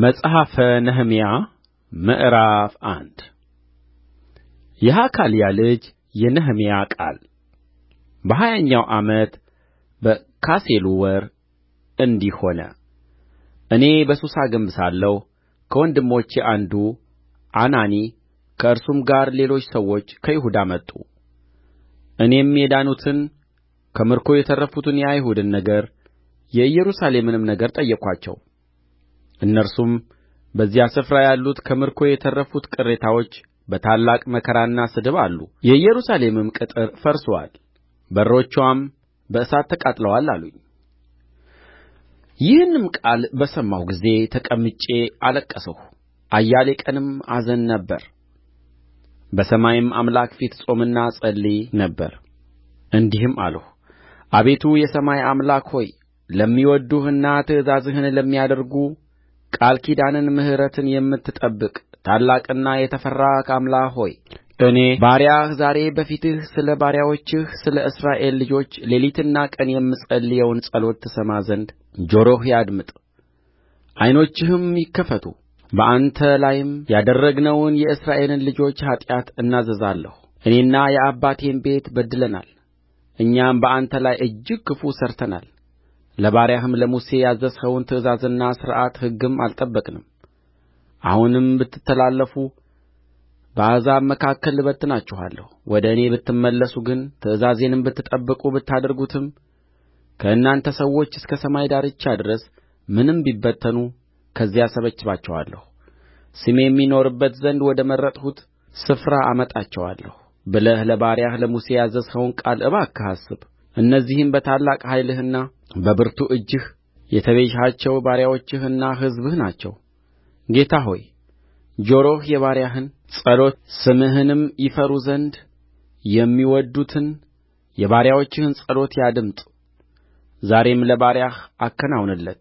መጽሐፈ ነህምያ ምዕራፍ አንድ የሐካልያ ልጅ የነህምያ ቃል። በሀያኛው ዓመት በካሴሉ ወር እንዲህ ሆነ። እኔ በሱሳ ግንብ ሳለሁ ከወንድሞቼ አንዱ አናኒ ከእርሱም ጋር ሌሎች ሰዎች ከይሁዳ መጡ። እኔም የዳኑትን ከምርኮ የተረፉትን የአይሁድን ነገር የኢየሩሳሌምንም ነገር ጠየቅኋቸው። እነርሱም በዚያ ስፍራ ያሉት ከምርኮ የተረፉት ቅሬታዎች በታላቅ መከራና ስድብ አሉ የኢየሩሳሌምም ቅጥር ፈርሶአል በሮችዋም በእሳት ተቃጥለዋል አሉኝ ይህንም ቃል በሰማሁ ጊዜ ተቀምጬ አለቀስሁ አያሌ ቀንም አዝን ነበር በሰማይም አምላክ ፊት እጾምና እጸልይ ነበር እንዲህም አልሁ አቤቱ የሰማይ አምላክ ሆይ ለሚወድዱህና ትእዛዝህን ለሚያደርጉ ቃል ኪዳንን ምሕረትን የምትጠብቅ ታላቅና የተፈራህ አምላክ ሆይ እኔ ባሪያህ ዛሬ በፊትህ ስለ ባሪያዎችህ ስለ እስራኤል ልጆች ሌሊትና ቀን የምጸልየውን ጸሎት ትሰማ ዘንድ ጆሮህ ያድምጥ ዓይኖችህም ይከፈቱ በአንተ ላይም ያደረግነውን የእስራኤልን ልጆች ኃጢአት እናዘዛለሁ እኔና የአባቴም ቤት በድለናል እኛም በአንተ ላይ እጅግ ክፉ ሠርተናል ለባሪያህም ለሙሴ ያዘዝኸውን ትእዛዝና ሥርዓት ሕግም አልጠበቅንም አሁንም ብትተላለፉ በአሕዛብ መካከል እበትናችኋለሁ ወደ እኔ ብትመለሱ ግን ትእዛዜንም ብትጠብቁ ብታደርጉትም ከእናንተ ሰዎች እስከ ሰማይ ዳርቻ ድረስ ምንም ቢበተኑ ከዚያ እሰበስባቸዋለሁ ስሜም ይኖርበት ዘንድ ወደ መረጥሁት ስፍራ አመጣቸዋለሁ ብለህ ለባሪያህ ለሙሴ ያዘዝኸውን ቃል እባክህ አስብ እነዚህም በታላቅ ኃይልህና በብርቱ እጅህ የተቤዠሃቸው ባሪያዎችህና ሕዝብህ ናቸው ጌታ ሆይ ጆሮህ የባሪያህን ጸሎት ስምህንም ይፈሩ ዘንድ የሚወድዱትን የባሪያዎችህን ጸሎት ያድምጥ ዛሬም ለባሪያህ አከናውንለት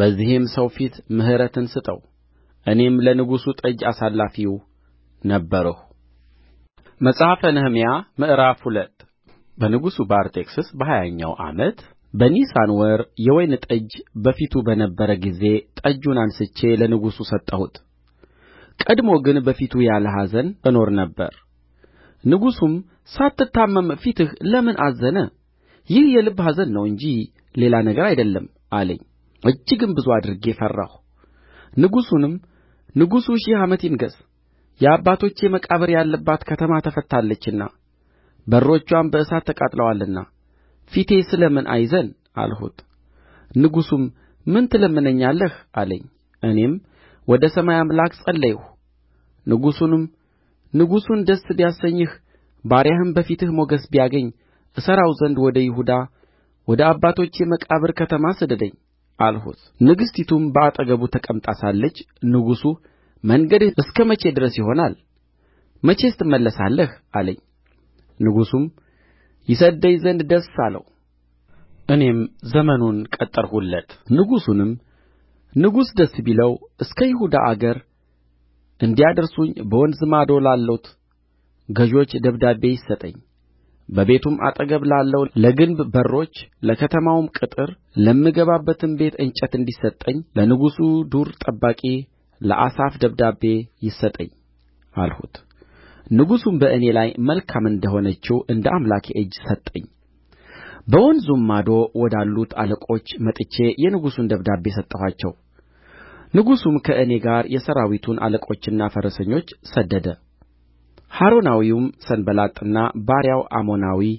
በዚህም ሰው ፊት ምሕረትን ስጠው እኔም ለንጉሡ ጠጅ አሳላፊው ነበርሁ። መጽሐፈ ነህምያ ምዕራፍ ሁለት በንጉሡ በአርጤክስስ በሀያኛው ዓመት በኒሳን ወር የወይን ጠጅ በፊቱ በነበረ ጊዜ ጠጁን አንሥቼ ለንጉሡ ሰጠሁት ቀድሞ ግን በፊቱ ያለ ኀዘን እኖር ነበር ንጉሡም ሳትታመም ፊትህ ለምን አዘነ ይህ የልብ ኀዘን ነው እንጂ ሌላ ነገር አይደለም አለኝ እጅግም ብዙ አድርጌ ፈራሁ ንጉሡንም ንጉሡ ሺህ ዓመት ይንገሥ የአባቶቼ መቃብር ያለባት ከተማ ተፈትታለችና በሮችዋም በእሳት ተቃጥለዋልና ፊቴ ስለ ምን አይዘን አልሁት ንጉሡም ምን ትለምነኛለህ አለኝ እኔም ወደ ሰማይ አምላክ ጸለይሁ ንጉሡንም ንጉሡን ደስ ቢያሰኝህ ባሪያህም በፊትህ ሞገስ ቢያገኝ እሠራው ዘንድ ወደ ይሁዳ ወደ አባቶቼ መቃብር ከተማ ስደደኝ አልሁት ንግሥቲቱም በአጠገቡ ተቀምጣ ሳለች ንጉሡ መንገድህ እስከ መቼ ድረስ ይሆናል መቼስ ትመለሳለህ አለኝ ንጉሡም ይሰድደኝ ዘንድ ደስ አለው እኔም ዘመኑን ቀጠርሁለት ንጉሡንም ንጉሥ ደስ ቢለው እስከ ይሁዳ አገር እንዲያደርሱኝ በወንዝ ማዶ ላሉት ገዦች ደብዳቤ ይሰጠኝ በቤቱም አጠገብ ላለው ለግንብ በሮች ለከተማውም ቅጥር ለምገባበትም ቤት እንጨት እንዲሰጠኝ ለንጉሡ ዱር ጠባቂ ለአሳፍ ደብዳቤ ይሰጠኝ አልሁት ንጉሡም በእኔ ላይ መልካም እንደ ሆነችው እንደ አምላኬ እጅ ሰጠኝ በወንዙም ማዶ ወዳሉት አለቆች መጥቼ የንጉሡን ደብዳቤ ሰጠኋቸው ንጉሡም ከእኔ ጋር የሠራዊቱን አለቆችና ፈረሰኞች ሰደደ ሖሮናዊውም ሰንባላጥና ባሪያው አሞናዊ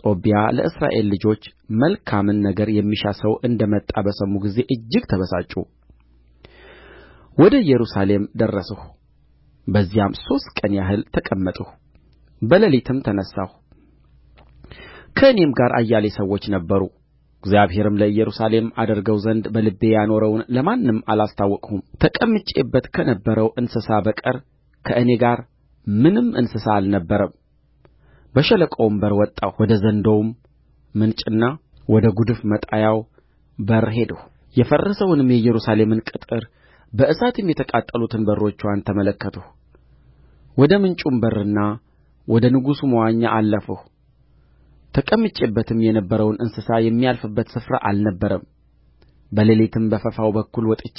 ጦቢያ ለእስራኤል ልጆች መልካምን ነገር የሚሻ ሰው እንደ መጣ በሰሙ ጊዜ እጅግ ተበሳጩ ወደ ኢየሩሳሌም ደረስሁ በዚያም ሦስት ቀን ያህል ተቀመጥሁ በሌሊትም ተነሣሁ ከእኔም ጋር አያሌ ሰዎች ነበሩ እግዚአብሔርም ለኢየሩሳሌም አደርገው ዘንድ በልቤ ያኖረውን ለማንም አላስታወቅሁም ተቀምጬበት ከነበረው እንስሳ በቀር ከእኔ ጋር ምንም እንስሳ አልነበረም በሸለቆውም በር ወጣሁ ወደ ዘንዶውም ምንጭና ወደ ጕድፍ መጣያው በር ሄድሁ የፈረሰውንም የኢየሩሳሌምን ቅጥር በእሳትም የተቃጠሉትን በሮቿን ተመለከትሁ ወደ ምንጩም በርና ወደ ንጉሡ መዋኛ አለፍሁ ተቀምጬበትም የነበረውን እንስሳ የሚያልፍበት ስፍራ አልነበረም በሌሊትም በፈፋው በኩል ወጥቼ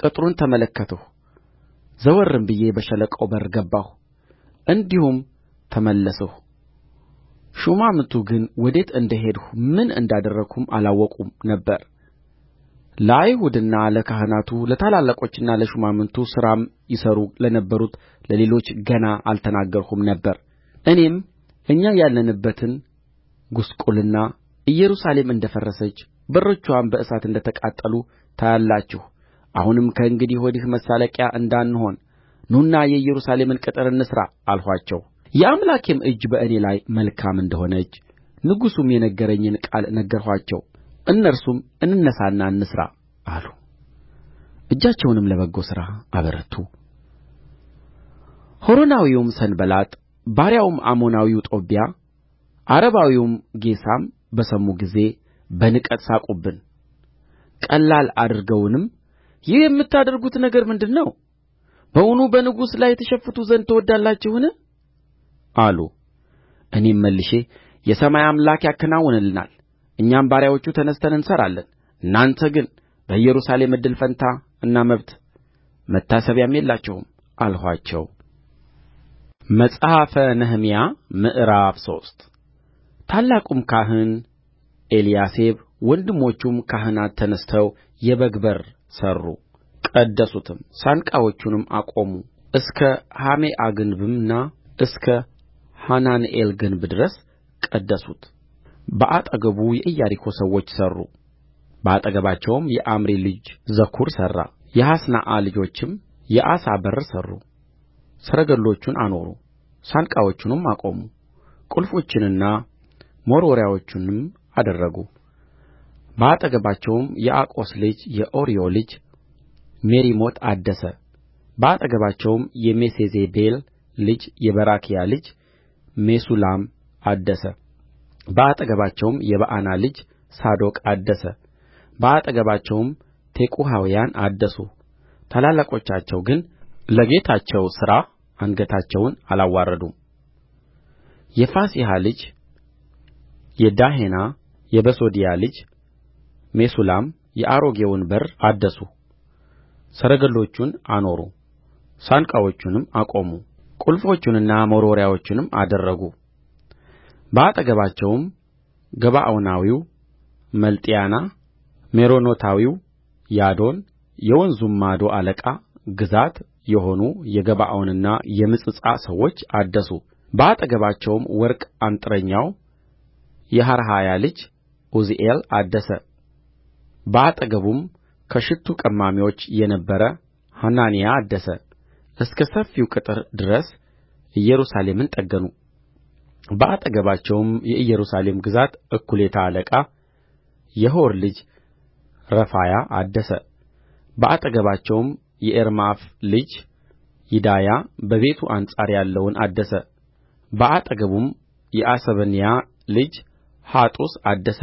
ቅጥሩን ተመለከትሁ ዘወርም ብዬ በሸለቆው በር ገባሁ እንዲሁም ተመለስሁ ሹማምቱ ግን ወዴት እንደ ሄድሁ ምን እንዳደረግሁም አላወቁም ነበር ለአይሁድና ለካህናቱ ለታላላቆችና ለሹማምቱ ሥራም ይሠሩ ለነበሩት ለሌሎች ገና አልተናገርሁም ነበር እኔም እኛ ያለንበትን ጕስቍልና ኢየሩሳሌም እንደ ፈረሰች በሮችዋም በእሳት እንደ ተቃጠሉ ታያላችሁ አሁንም ከእንግዲህ ወዲህ መሳለቂያ እንዳንሆን ኑና የኢየሩሳሌምን ቅጥር እንሥራ አልኋቸው የአምላኬም እጅ በእኔ ላይ መልካም እንደ ሆነች ንጉሡም የነገረኝን ቃል ነገርኋቸው እነርሱም እንነሣና እንሥራ አሉ እጃቸውንም ለበጎ ሥራ አበረቱ ሖሮናዊውም ሰንባላጥ ባሪያውም አሞናዊው ጦብያ ዓረባዊውም ጌሳም በሰሙ ጊዜ በንቀት ሳቁብን ቀላል አድርገውንም ይህ የምታደርጉት ነገር ምንድር ነው በውኑ በንጉሥ ላይ ትሸፍቱ ዘንድ ትወዳላችሁን? አሉ እኔም መልሼ የሰማይ አምላክ ያከናውንልናል እኛም ባሪያዎቹ ተነሥተን እንሠራለን እናንተ ግን በኢየሩሳሌም እድል እና መብት መታሰቢያም የላችሁም አልኋቸው መጽሐፈ ነህምያ ምዕራፍ ሶስት ታላቁም ካህን ኤልያሴብ ወንድሞቹም ካህናት ተነሥተው የበግ በር ሠሩ ቀደሱትም ሳንቃዎቹንም አቆሙ እስከ ሐሜአ ግንብና እስከ ሐናንኤል ግንብ ድረስ ቀደሱት በአጠገቡ የኢያሪኮ ሰዎች ሠሩ በአጠገባቸውም የአምሪ ልጅ ዘኩር ሠራ የሃስናአ ልጆችም የዓሣ በር ሠሩ ሰረገሎቹን አኖሩ ሳንቃዎቹንም አቆሙ ቍልፎቹንና መወርወሪያዎቹንም አደረጉ በአጠገባቸውም የአቆስ ልጅ የኦርዮ ልጅ ሜሪሞት አደሰ በአጠገባቸውም የሜሴዜቤል ልጅ የበራክያ ልጅ ሜሱላም አደሰ በአጠገባቸውም የበዓና ልጅ ሳዶቅ አደሰ በአጠገባቸውም ቴቁሐውያን አደሱ ታላላቆቻቸው ግን ለጌታቸው ሥራ አንገታቸውን አላዋረዱም የፋሴሐ ልጅ የዳሄና የበሶድያ ልጅ ሜሱላም የአሮጌውን በር አደሱ ሰረገሎቹን አኖሩ ሳንቃዎቹንም አቆሙ ቍልፎቹንና መወርወሪያዎቹንም አደረጉ በአጠገባቸውም ገባዖናዊው መልጥያና ሜሮኖታዊው ያዶን የወንዙም ማዶ አለቃ ግዛት የሆኑ የገባዖንና የምጽጳ ሰዎች አደሱ በአጠገባቸውም ወርቅ አንጥረኛው የሐርሃያ ልጅ ዑዝኤል አደሰ በአጠገቡም ከሽቱ ቀማሚዎች የነበረ ሐናንያ አደሰ እስከ ሰፊው ቅጥር ድረስ ኢየሩሳሌምን ጠገኑ በአጠገባቸውም የኢየሩሳሌም ግዛት እኵሌታ አለቃ የሆር ልጅ ረፋያ አደሰ በአጠገባቸውም የኤርማፍ ልጅ ይዳያ በቤቱ አንጻር ያለውን አደሰ በአጠገቡም የአሰበንያ ልጅ ሐጡስ አደሰ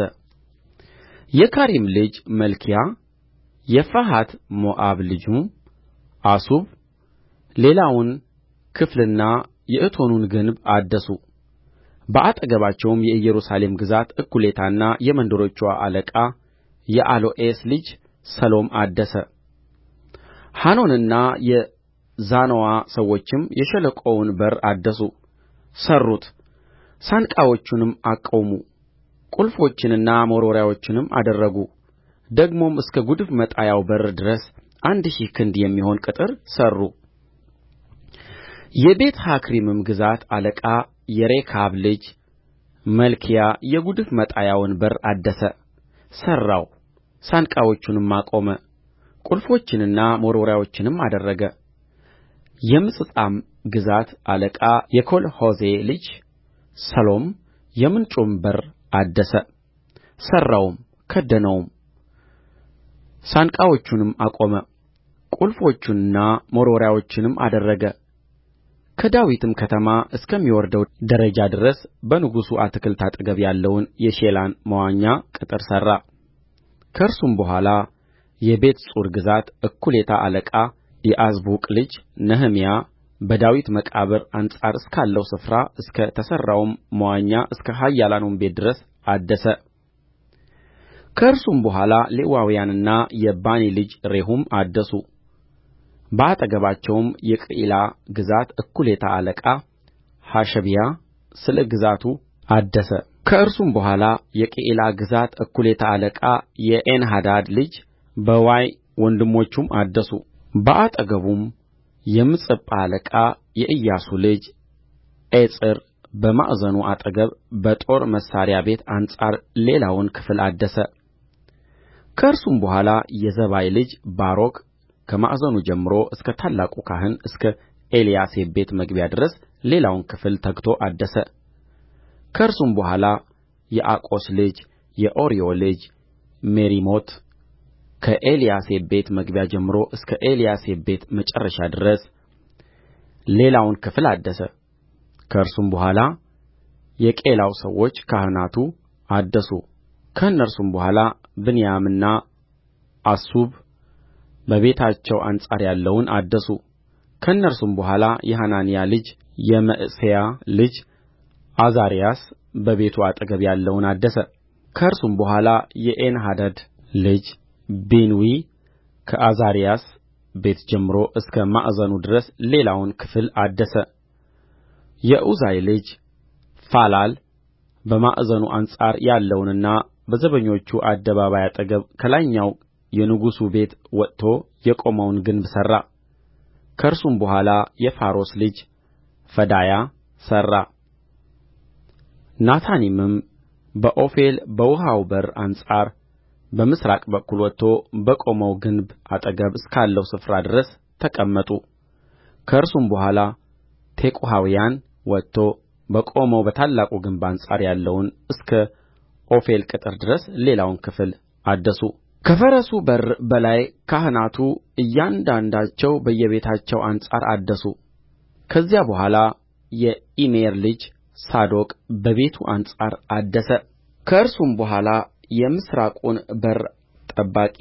የካሪም ልጅ መልክያ የፈሐት ሞዓብ ልጁም አሱብ ሌላውን ክፍልና የእቶኑን ግንብ አደሱ በአጠገባቸውም የኢየሩሳሌም ግዛት እኵሌታና የመንደሮችዋ አለቃ የአሎኤስ ልጅ ሰሎም አደሰ ሐኖንና የዛኖዋ ሰዎችም የሸለቆውን በር አደሱ ሠሩት ሳንቃዎቹንም አቆሙ ቍልፎቹንና መወርወሪያዎቹንም አደረጉ ደግሞም እስከ ጕድፍ መጣያው በር ድረስ አንድ ሺህ ክንድ የሚሆን ቅጥር ሠሩ የቤትሐካሪምም ግዛት አለቃ የሬካብ ልጅ መልክያ የጉድፍ መጣያውን በር አደሰ ሠራው ሳንቃዎቹንም አቆመ ቍልፎቹንና መወርወሪያዎቹንም አደረገ የምጽጳም ግዛት አለቃ የኮልሖዜ ልጅ ሰሎም የምንጩን በር አደሰ ሠራውም ከደነውም ሳንቃዎቹንም አቆመ ቍልፎቹንና መወርወሪያዎቹንም አደረገ ከዳዊትም ከተማ እስከሚወርደው ደረጃ ድረስ በንጉሡ አትክልት አጠገብ ያለውን የሼላን መዋኛ ቅጥር ሠራ ከእርሱም በኋላ የቤትጹር ግዛት እኩሌታ አለቃ የዓዝቡቅ ልጅ ነህምያ በዳዊት መቃብር አንጻር እስካለው ስፍራ እስከ ተሠራውም መዋኛ እስከ ኃያላኑም ቤት ድረስ አደሰ ከእርሱም በኋላ ሌዋውያንና የባኒ ልጅ ሬሁም አደሱ በአጠገባቸውም የቅዒላ ግዛት እኩሌታ አለቃ ሐሸቢያ ስለ ግዛቱ አደሰ ከእርሱም በኋላ የቅዒላ ግዛት እኩሌታ አለቃ የኤንሐዳድ ልጅ በዋይ ወንድሞቹም አደሱ በአጠገቡም የምጽጳ አለቃ የኢያሱ ልጅ ኤጽር በማዕዘኑ አጠገብ በጦር መሣሪያ ቤት አንጻር ሌላውን ክፍል አደሰ ከእርሱም በኋላ የዘባይ ልጅ ባሮክ ከማዕዘኑ ጀምሮ እስከ ታላቁ ካህን እስከ ኤልያሴብ ቤት መግቢያ ድረስ ሌላውን ክፍል ተግቶ አደሰ ከእርሱም በኋላ የአቆስ ልጅ የኦርዮ ልጅ ሜሪሞት ከኤልያሴብ ቤት መግቢያ ጀምሮ እስከ ኤልያሴብ ቤት መጨረሻ ድረስ ሌላውን ክፍል አደሰ ከእርሱም በኋላ የቄላው ሰዎች ካህናቱ አደሱ ከእነርሱም በኋላ ብንያምና አሱብ በቤታቸው አንጻር ያለውን አደሱ ከእነርሱም በኋላ የሐናንያ ልጅ የመዕሤያ ልጅ ዓዛርያስ በቤቱ አጠገብ ያለውን አደሰ ከእርሱም በኋላ የኤንሐደድ ልጅ ቢንዊ ከዓዛርያስ ቤት ጀምሮ እስከ ማዕዘኑ ድረስ ሌላውን ክፍል አደሰ የኡዛይ ልጅ ፋላል በማዕዘኑ አንጻር ያለውንና በዘበኞቹ አደባባይ አጠገብ ከላይኛው የንጉሡ ቤት ወጥቶ የቆመውን ግንብ ሠራ ከእርሱም በኋላ የፋሮስ ልጅ ፈዳያ ሠራ ናታኒምም በዖፌል በውኃው በር አንጻር በምሥራቅ በኩል ወጥቶ በቆመው ግንብ አጠገብ እስካለው ስፍራ ድረስ ተቀመጡ ከእርሱም በኋላ ቴቁሐውያን ወጥቶ በቆመው በታላቁ ግንብ አንጻር ያለውን እስከ ዖፌል ቅጥር ድረስ ሌላውን ክፍል አደሱ ከፈረሱ በር በላይ ካህናቱ እያንዳንዳቸው በየቤታቸው አንጻር አደሱ ከዚያ በኋላ የኢሜር ልጅ ሳዶቅ በቤቱ አንጻር አደሰ ከእርሱም በኋላ የምሥራቁን በር ጠባቂ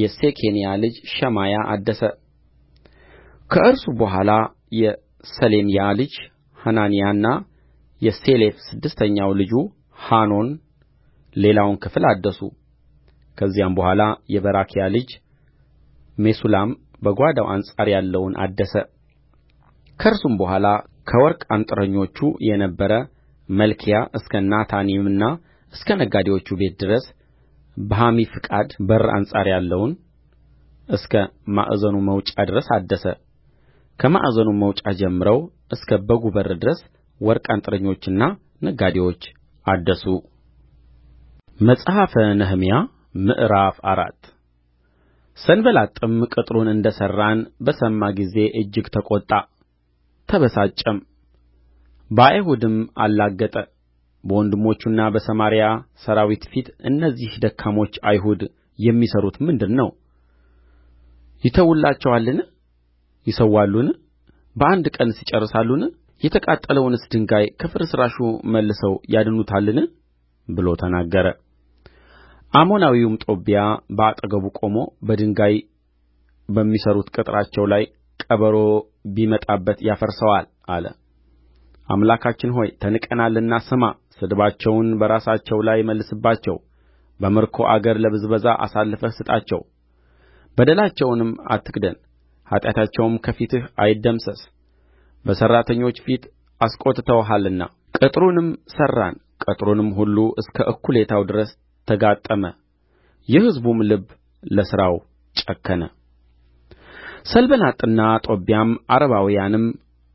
የሴኬንያ ልጅ ሸማያ አደሰ ከእርሱ በኋላ የሰሌምያ ልጅ ሐናንያና የሴሌፍ ስድስተኛው ልጁ ሐኖን ሌላውን ክፍል አደሱ ከዚያም በኋላ የበራክያ ልጅ ሜሱላም በጓዳው አንጻር ያለውን አደሰ ከእርሱም በኋላ ከወርቅ አንጥረኞቹ የነበረ መልክያ እስከ ናታኒምና እስከ ነጋዴዎቹ ቤት ድረስ በሐሚፍቃድ በር አንጻር ያለውን እስከ ማዕዘኑ መውጫ ድረስ አደሰ። ከማዕዘኑም መውጫ ጀምረው እስከ በጉ በር ድረስ ወርቅ አንጥረኞችና ነጋዴዎች አደሱ። መጽሐፈ ነህምያ ምዕራፍ አራት ሰንባላጥም ቅጥሩን እንደ ሠራን በሰማ ጊዜ እጅግ ተቈጣ ተበሳጨም በአይሁድም አላገጠ በወንድሞቹና በሰማርያ ሠራዊት ፊት እነዚህ ደካሞች አይሁድ የሚሠሩት ምንድር ነው ይተዉላቸዋልን ይሠዋሉን በአንድ ቀንስ ይጨርሳሉን የተቃጠለውንስ ድንጋይ ከፍርስራሹ መልሰው ያድኑታልን ብሎ ተናገረ አሞናዊውም ጦብያ በአጠገቡ ቆሞ በድንጋይ በሚሠሩት ቅጥራቸው ላይ ቀበሮ ቢመጣበት ያፈርሰዋል አለ አምላካችን ሆይ ተንቀናልና ስማ ስድባቸውን በራሳቸው ላይ መልስባቸው በምርኮ አገር ለብዝበዛ አሳልፈህ ስጣቸው በደላቸውንም አትክደን ኃጢአታቸውም ከፊትህ አይደምሰስ በሠራተኞች ፊት አስቈጥተውሃልና ቅጥሩንም ሠራን ቅጥሩንም ሁሉ እስከ እኵሌታው ድረስ ተጋጠመ የሕዝቡም ልብ ለሥራው ጨከነ ሰንባላጥና ጦብያም ዓረባውያንም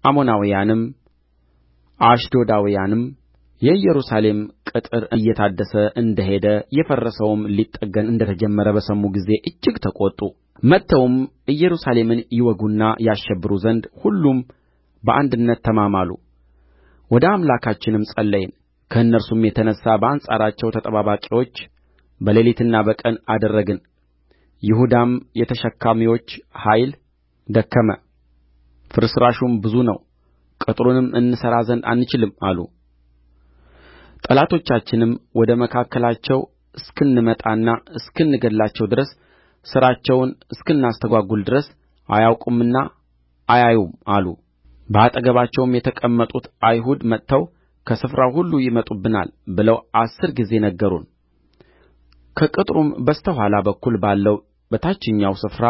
አሞናውያንም አሽዶዳውያንም የኢየሩሳሌም ቅጥር እየታደሰ እንደ ሄደ የፈረሰውም ሊጠገን እንደ ተጀመረ በሰሙ ጊዜ እጅግ ተቈጡ መጥተውም ኢየሩሳሌምን ይወጉና ያሸብሩ ዘንድ ሁሉም በአንድነት ተማማሉ ወደ አምላካችንም ጸለይን ከእነርሱም የተነሣ በአንጻራቸው ተጠባባቂዎች በሌሊትና በቀን አደረግን ይሁዳም የተሸካሚዎች ኃይል ደከመ ፍርስራሹም ብዙ ነው ቅጥሩንም እንሠራ ዘንድ አንችልም አሉ ጠላቶቻችንም ወደ መካከላቸው እስክንመጣና እስክንገድላቸው ድረስ ሥራቸውን እስክናስተጓጕል ድረስ አያውቁምና አያዩም አሉ በአጠገባቸውም የተቀመጡት አይሁድ መጥተው ከስፍራው ሁሉ ይመጡብናል ብለው አሥር ጊዜ ነገሩን ከቅጥሩም በስተ ኋላ በኩል ባለው በታችኛው ስፍራ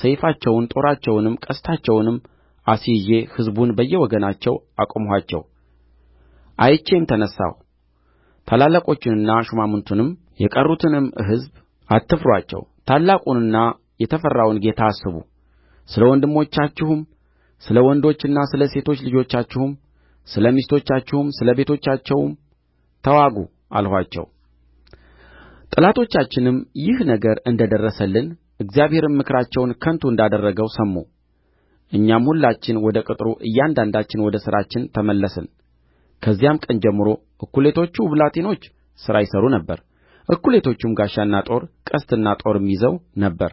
ሰይፋቸውን ጦራቸውንም ቀስታቸውንም አስይዤ ሕዝቡን በየወገናቸው አቆምኋቸው አይቼም ተነሣሁ ታላላቆቹንና ሹማምቱንም የቀሩትንም ሕዝብ አትፍሩአቸው ታላቁንና የተፈራውን ጌታ አስቡ ስለ ወንድሞቻችሁም ስለ ወንዶችና ስለ ሴቶች ልጆቻችሁም ስለ ሚስቶቻችሁም ስለ ቤቶቻቸውም ተዋጉ አልኋቸው ጠላቶቻችንም ይህ ነገር እንደ ደረሰልን እግዚአብሔርም ምክራቸውን ከንቱ እንዳደረገው ሰሙ እኛም ሁላችን ወደ ቅጥሩ እያንዳንዳችን ወደ ሥራችን ተመለስን ከዚያም ቀን ጀምሮ እኩሌቶቹ ብላቴኖች ሥራ ይሠሩ ነበር እኩሌቶቹም ጋሻና ጦር ቀስትና ጦርም ይዘው ነበር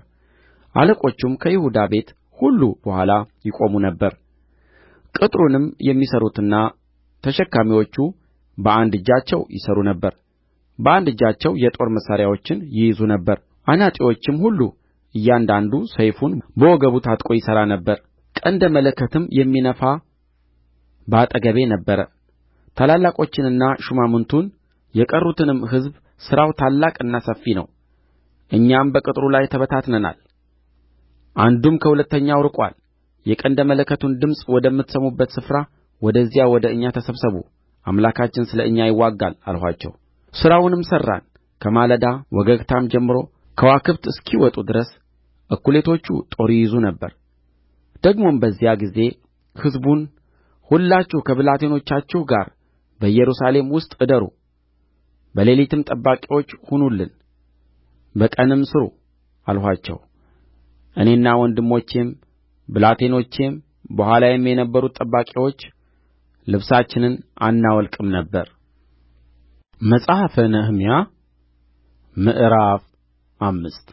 አለቆቹም ከይሁዳ ቤት ሁሉ በኋላ ይቆሙ ነበር ቅጥሩንም የሚሠሩትና ተሸካሚዎቹ በአንድ እጃቸው ይሠሩ ነበር በአንድ እጃቸው የጦር መሣሪያዎችን ይይዙ ነበር አናጢዎችም ሁሉ እያንዳንዱ ሰይፉን በወገቡ ታጥቆ ይሠራ ነበር ቀንደ መለከትም የሚነፋ በአጠገቤ ነበረ ታላላቆችንና ሹማምቱን የቀሩትንም ሕዝብ ሥራው ታላቅና ሰፊ ነው እኛም በቅጥሩ ላይ ተበታትነናል አንዱም ከሁለተኛው ርቆአል የቀንደ መለከቱን ድምፅ ወደምትሰሙበት ስፍራ ወደዚያ ወደ እኛ ተሰብሰቡ አምላካችን ስለ እኛ ይዋጋል አልኋቸው ሥራውንም ሠራን ከማለዳ ወገግታም ጀምሮ ከዋክብት እስኪወጡ ድረስ እኵሌቶቹ ጦር ይይዙ ነበር ደግሞም በዚያ ጊዜ ሕዝቡን ሁላችሁ ከብላቴኖቻችሁ ጋር በኢየሩሳሌም ውስጥ እደሩ በሌሊትም ጠባቂዎች ሁኑልን በቀንም ሥሩ አልኋቸው እኔና ወንድሞቼም ብላቴኖቼም በኋላዬም የነበሩት ጠባቂዎች ልብሳችንን አናወልቅም ነበር መጽሐፈ ነህምያ ምዕራፍ አምስት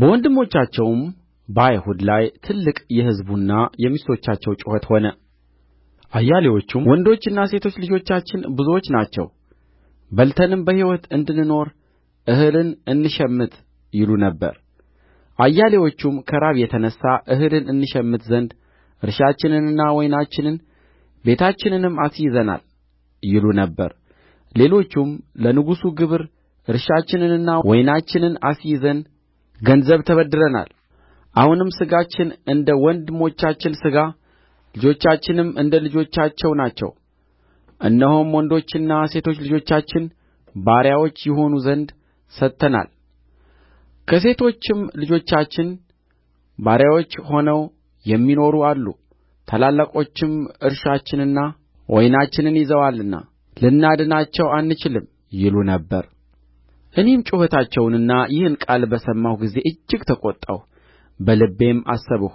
በወንድሞቻቸውም በአይሁድ ላይ ትልቅ የሕዝቡና የሚስቶቻቸው ጩኸት ሆነ አያሌዎቹም ወንዶችና ሴቶች ልጆቻችን ብዙዎች ናቸው በልተንም በሕይወት እንድንኖር እህልን እንሸምት ይሉ ነበር አያሌዎቹም ከራብ የተነሣ እህልን እንሸምት ዘንድ እርሻችንንና ወይናችንን ቤታችንንም አስይዘናል ይሉ ነበር ሌሎቹም ለንጉሡ ግብር እርሻችንንና ወይናችንን አስይዘን ገንዘብ ተበድረናል አሁንም ሥጋችን እንደ ወንድሞቻችን ሥጋ ልጆቻችንም እንደ ልጆቻቸው ናቸው እነሆም ወንዶችና ሴቶች ልጆቻችን ባሪያዎች ይሆኑ ዘንድ ሰጥተናል ከሴቶችም ልጆቻችን ባሪያዎች ሆነው የሚኖሩ አሉ ታላላቆችም እርሻችንና ወይናችንን ይዘዋልና ልናድናቸው አንችልም ይሉ ነበር እኔም ጩኸታቸውንና ይህን ቃል በሰማሁ ጊዜ እጅግ ተቈጣሁ በልቤም አሰብሁ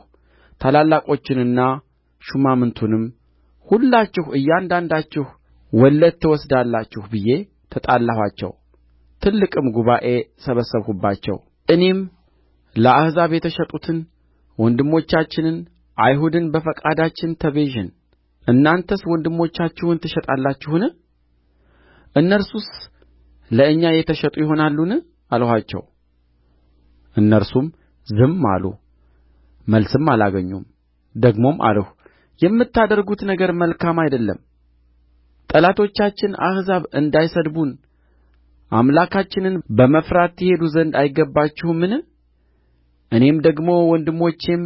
ታላላቆቹንና ሹማምቱንም ሁላችሁ እያንዳንዳችሁ ወለድ ትወስዳላችሁ ብዬ ተጣላኋቸው ትልቅም ጉባኤ ሰበሰብሁባቸው እኔም ለአሕዛብ የተሸጡትን ወንድሞቻችንን አይሁድን በፈቃዳችን ተቤዥን እናንተስ ወንድሞቻችሁን ትሸጣላችሁን እነርሱስ ለእኛ የተሸጡ ይሆናሉን አልኋቸው እነርሱም ዝም አሉ መልስም አላገኙም ደግሞም አልሁ የምታደርጉት ነገር መልካም አይደለም ጠላቶቻችን አሕዛብ እንዳይሰድቡን አምላካችንን በመፍራት ትሄዱ ዘንድ አይገባችሁምን እኔም ደግሞ ወንድሞቼም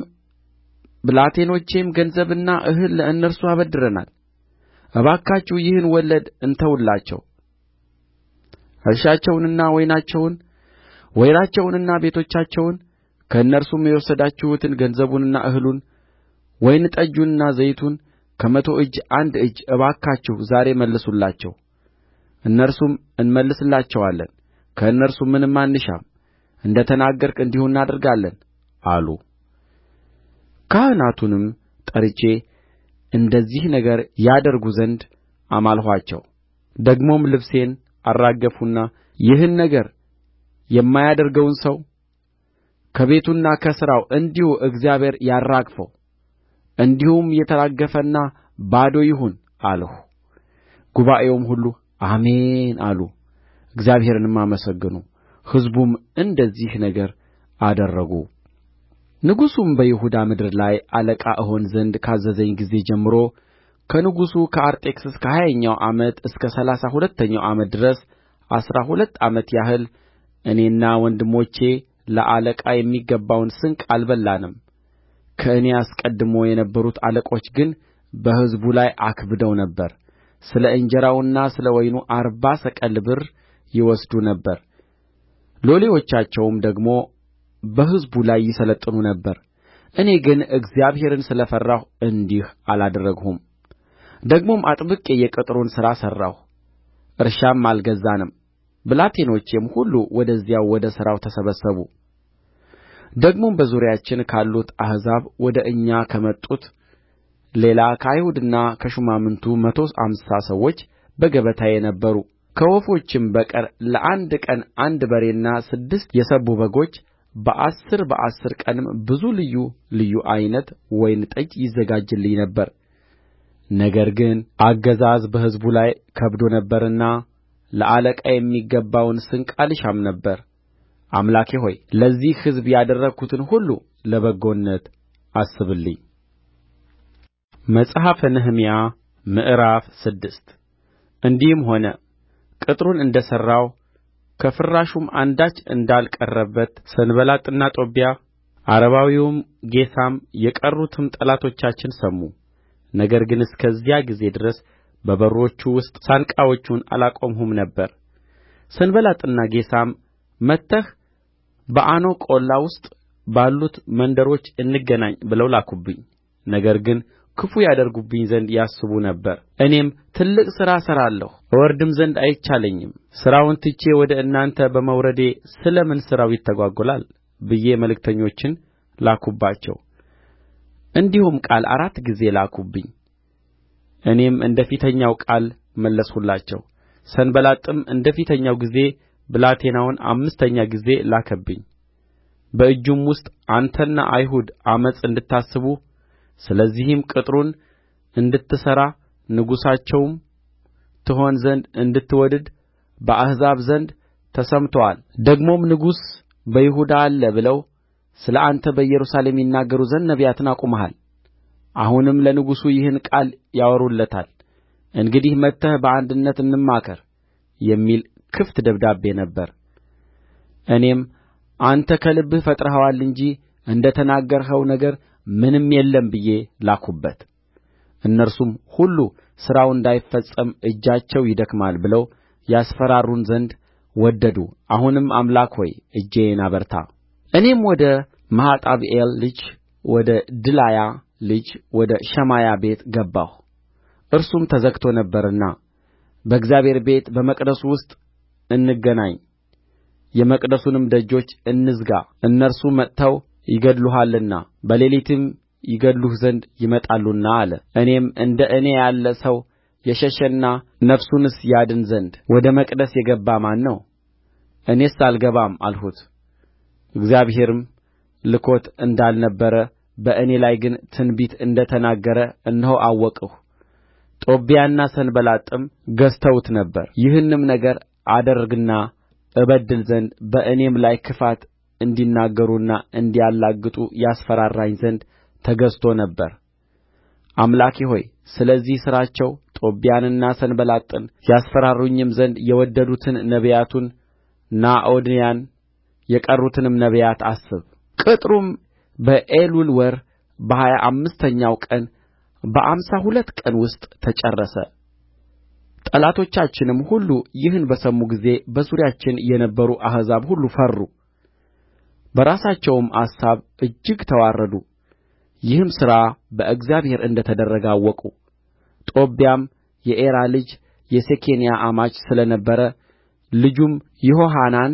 ብላቴኖቼም ገንዘብና እህል ለእነርሱ አበድረናል እባካችሁ ይህን ወለድ እንተውላቸው እርሻቸውንና ወይናቸውን ወይራቸውንና ቤቶቻቸውን ከእነርሱም የወሰዳችሁትን ገንዘቡንና እህሉን ወይን ጠጁንና ዘይቱን ከመቶ እጅ አንድ እጅ እባካችሁ ዛሬ መልሱላቸው እነርሱም እንመልስላቸዋለን ከእነርሱም ምንም አንሻም እንደ ተናገርህ እንዲሁ እናደርጋለን አሉ ካህናቱንም ጠርቼ እንደዚህ ነገር ያደርጉ ዘንድ አማልኋቸው ደግሞም ልብሴን አራገፉና ይህን ነገር የማያደርገውን ሰው ከቤቱና ከሥራው እንዲሁ እግዚአብሔር ያራግፈው እንዲሁም የተራገፈና ባዶ ይሁን አልሁ ጉባኤውም ሁሉ አሜን አሉ እግዚአብሔርንም አመሰገኑ ሕዝቡም እንደዚህ ነገር አደረጉ ንጉሡም በይሁዳ ምድር ላይ አለቃ እሆን ዘንድ ካዘዘኝ ጊዜ ጀምሮ ከንጉሡ ከአርጤክስስ ከሀያኛው ዓመት እስከ ሠላሳ ሁለተኛው ዓመት ድረስ አሥራ ሁለት ዓመት ያህል እኔና ወንድሞቼ ለአለቃ የሚገባውን ስንቅ አልበላንም። ከእኔ አስቀድሞ የነበሩት አለቆች ግን በሕዝቡ ላይ አክብደው ነበር። ስለ እንጀራውና ስለ ወይኑ አርባ ሰቅል ብር ይወስዱ ነበር ሎሌዎቻቸውም ደግሞ በሕዝቡ ላይ ይሠለጥኑ ነበር እኔ ግን እግዚአብሔርን ስለ ፈራሁ እንዲህ አላደረግሁም ደግሞም አጥብቄ የቅጥሩን ሥራ ሠራሁ እርሻም አልገዛንም ብላቴኖቼም ሁሉ ወደዚያው ወደ ሥራው ተሰበሰቡ ደግሞም በዙሪያችን ካሉት አሕዛብ ወደ እኛ ከመጡት ሌላ ከአይሁድና ከሹማምቱ መቶ አምሳ ሰዎች በገበታዬ ነበሩ ከወፎችም በቀር ለአንድ ቀን አንድ በሬና ስድስት የሰቡ በጎች በአሥር በአሥር ቀንም ብዙ ልዩ ልዩ ዓይነት ወይን ጠጅ ይዘጋጅልኝ ነበር ነገር ግን አገዛዝ በሕዝቡ ላይ ከብዶ ነበርና ለአለቃ የሚገባውን ስንቅ አልሻም ነበር አምላኬ ሆይ ለዚህ ሕዝብ ያደረግሁትን ሁሉ ለበጎነት አስብልኝ መጽሐፈ ነህምያ ምዕራፍ ስድስት እንዲህም ሆነ ቅጥሩን እንደ ሠራው ከፍራሹም አንዳች እንዳልቀረበት ሰንባላጥና ጦብያ ዓረባዊውም ጌሳም የቀሩትም ጠላቶቻችን ሰሙ። ነገር ግን እስከዚያ ጊዜ ድረስ በበሮቹ ውስጥ ሳንቃዎቹን አላቆምሁም ነበር። ሰንባላጥና ጌሳም መጥተህ በኦኖ ቈላ ውስጥ ባሉት መንደሮች እንገናኝ ብለው ላኩብኝ። ነገር ግን ክፉ ያደርጉብኝ ዘንድ ያስቡ ነበር እኔም ትልቅ ሥራ እሠራለሁ እወርድም ዘንድ አይቻለኝም ሥራውን ትቼ ወደ እናንተ በመውረዴ ስለ ምን ሥራው ይታጐላል ብዬ መልእክተኞችን ላክሁባቸው እንዲሁም ቃል አራት ጊዜ ላኩብኝ እኔም እንደ ፊተኛው ቃል መለስሁላቸው ሰንባላጥም እንደ ፊተኛው ጊዜ ብላቴናውን አምስተኛ ጊዜ ላከብኝ በእጁም ውስጥ አንተና አይሁድ ዓመፅ እንድታስቡ ስለዚህም ቅጥሩን እንድትሠራ ንጉሣቸውም ትሆን ዘንድ እንድትወድድ በአሕዛብ ዘንድ ተሰምቶአል ደግሞም ንጉሥ በይሁዳ አለ ብለው ስለ አንተ በኢየሩሳሌም ይናገሩ ዘንድ ነቢያትን አቁመሃል አሁንም ለንጉሡ ይህን ቃል ያወሩለታል እንግዲህ መጥተህ በአንድነት እንማከር የሚል ክፍት ደብዳቤ ነበር እኔም አንተ ከልብህ ፈጥረኸዋል እንጂ እንደ ተናገርኸው ነገር ምንም የለም ብዬ ላክሁበት እነርሱም ሁሉ ሥራው እንዳይፈጸም እጃቸው ይደክማል ብለው ያስፈራሩን ዘንድ ወደዱ አሁንም አምላክ ሆይ እጄን አበርታ እኔም ወደ መሔጣብኤል ልጅ ወደ ድላያ ልጅ ወደ ሸማያ ቤት ገባሁ እርሱም ተዘግቶ ነበርና በእግዚአብሔር ቤት በመቅደሱ ውስጥ እንገናኝ የመቅደሱንም ደጆች እንዝጋ እነርሱ መጥተው ይገድሉሃልና በሌሊትም ይገድሉህ ዘንድ ይመጣሉና አለ እኔም እንደ እኔ ያለ ሰው የሸሸና ነፍሱንስ ያድን ዘንድ ወደ መቅደስ የገባ ማን ነው እኔስ አልገባም አልሁት እግዚአብሔርም ልኮት እንዳልነበረ በእኔ ላይ ግን ትንቢት እንደ ተናገረ እነሆ አወቅሁ ጦብያና ሰንባላጥም ገዝተውት ነበር ይህንም ነገር አደርግና እበድል ዘንድ በእኔም ላይ ክፋት እንዲናገሩና እንዲያላግጡ ያስፈራራኝ ዘንድ ተገዝቶ ነበር አምላኬ ሆይ ስለዚህ ሥራቸው ጦብያንና ሰንባላጥን ያስፈራሩኝም ዘንድ የወደዱትን ነቢያቱን ኖዓድያን የቀሩትንም ነቢያት አስብ ቅጥሩም በኤሉል ወር በሀያ አምስተኛው ቀን በአምሳ ሁለት ቀን ውስጥ ተጨረሰ ጠላቶቻችንም ሁሉ ይህን በሰሙ ጊዜ በዙሪያችን የነበሩ አሕዛብ ሁሉ ፈሩ በራሳቸውም አሳብ እጅግ ተዋረዱ ይህም ሥራ በእግዚአብሔር እንደ ተደረገ አወቁ ጦብያም የኤራ ልጅ የሴኬንያ አማች ስለ ነበረ ልጁም ይሆሐናን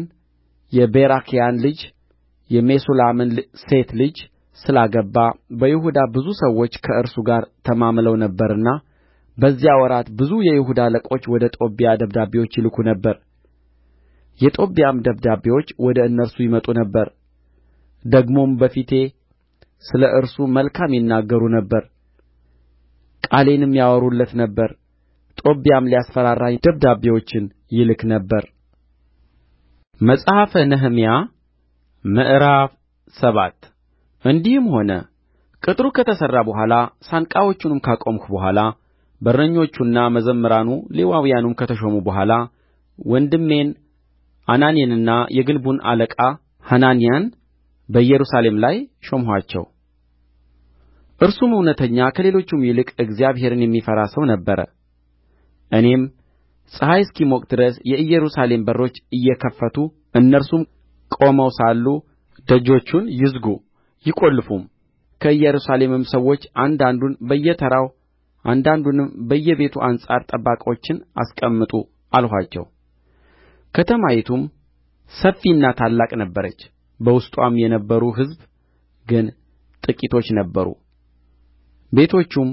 የቤራክያን ልጅ የሜሱላምን ሴት ልጅ ስላገባ በይሁዳ ብዙ ሰዎች ከእርሱ ጋር ተማምለው ነበርና በዚያ ወራት ብዙ የይሁዳ አለቆች ወደ ጦብያ ደብዳቤዎች ይልኩ ነበር የጦብያም ደብዳቤዎች ወደ እነርሱ ይመጡ ነበር ደግሞም በፊቴ ስለ እርሱ መልካም ይናገሩ ነበር ቃሌንም ያወሩለት ነበር ጦብያም ሊያስፈራራኝ ደብዳቤዎችን ይልክ ነበር መጽሐፈ ነህምያ ምዕራፍ ሰባት እንዲህም ሆነ ቅጥሩ ከተሠራ በኋላ ሳንቃዎቹንም ካቆምሁ በኋላ በረኞቹና መዘምራኑ ሌዋውያኑም ከተሾሙ በኋላ ወንድሜን አናኒንና የግንቡን አለቃ ሐናንያን በኢየሩሳሌም ላይ ሾምኋቸው እርሱም እውነተኛ ከሌሎቹም ይልቅ እግዚአብሔርን የሚፈራ ሰው ነበረ እኔም ፀሐይ እስኪሞቅ ድረስ የኢየሩሳሌም በሮች እየከፈቱ እነርሱም ቆመው ሳሉ ደጆቹን ይዝጉ ይቈልፉም ከኢየሩሳሌምም ሰዎች አንዳንዱን በየተራው አንዳንዱንም በየቤቱ አንጻር ጠባቆችን አስቀምጡ አልኋቸው ከተማይቱም ሰፊና ታላቅ ነበረች በውስጥዋም የነበሩ ሕዝብ ግን ጥቂቶች ነበሩ ቤቶቹም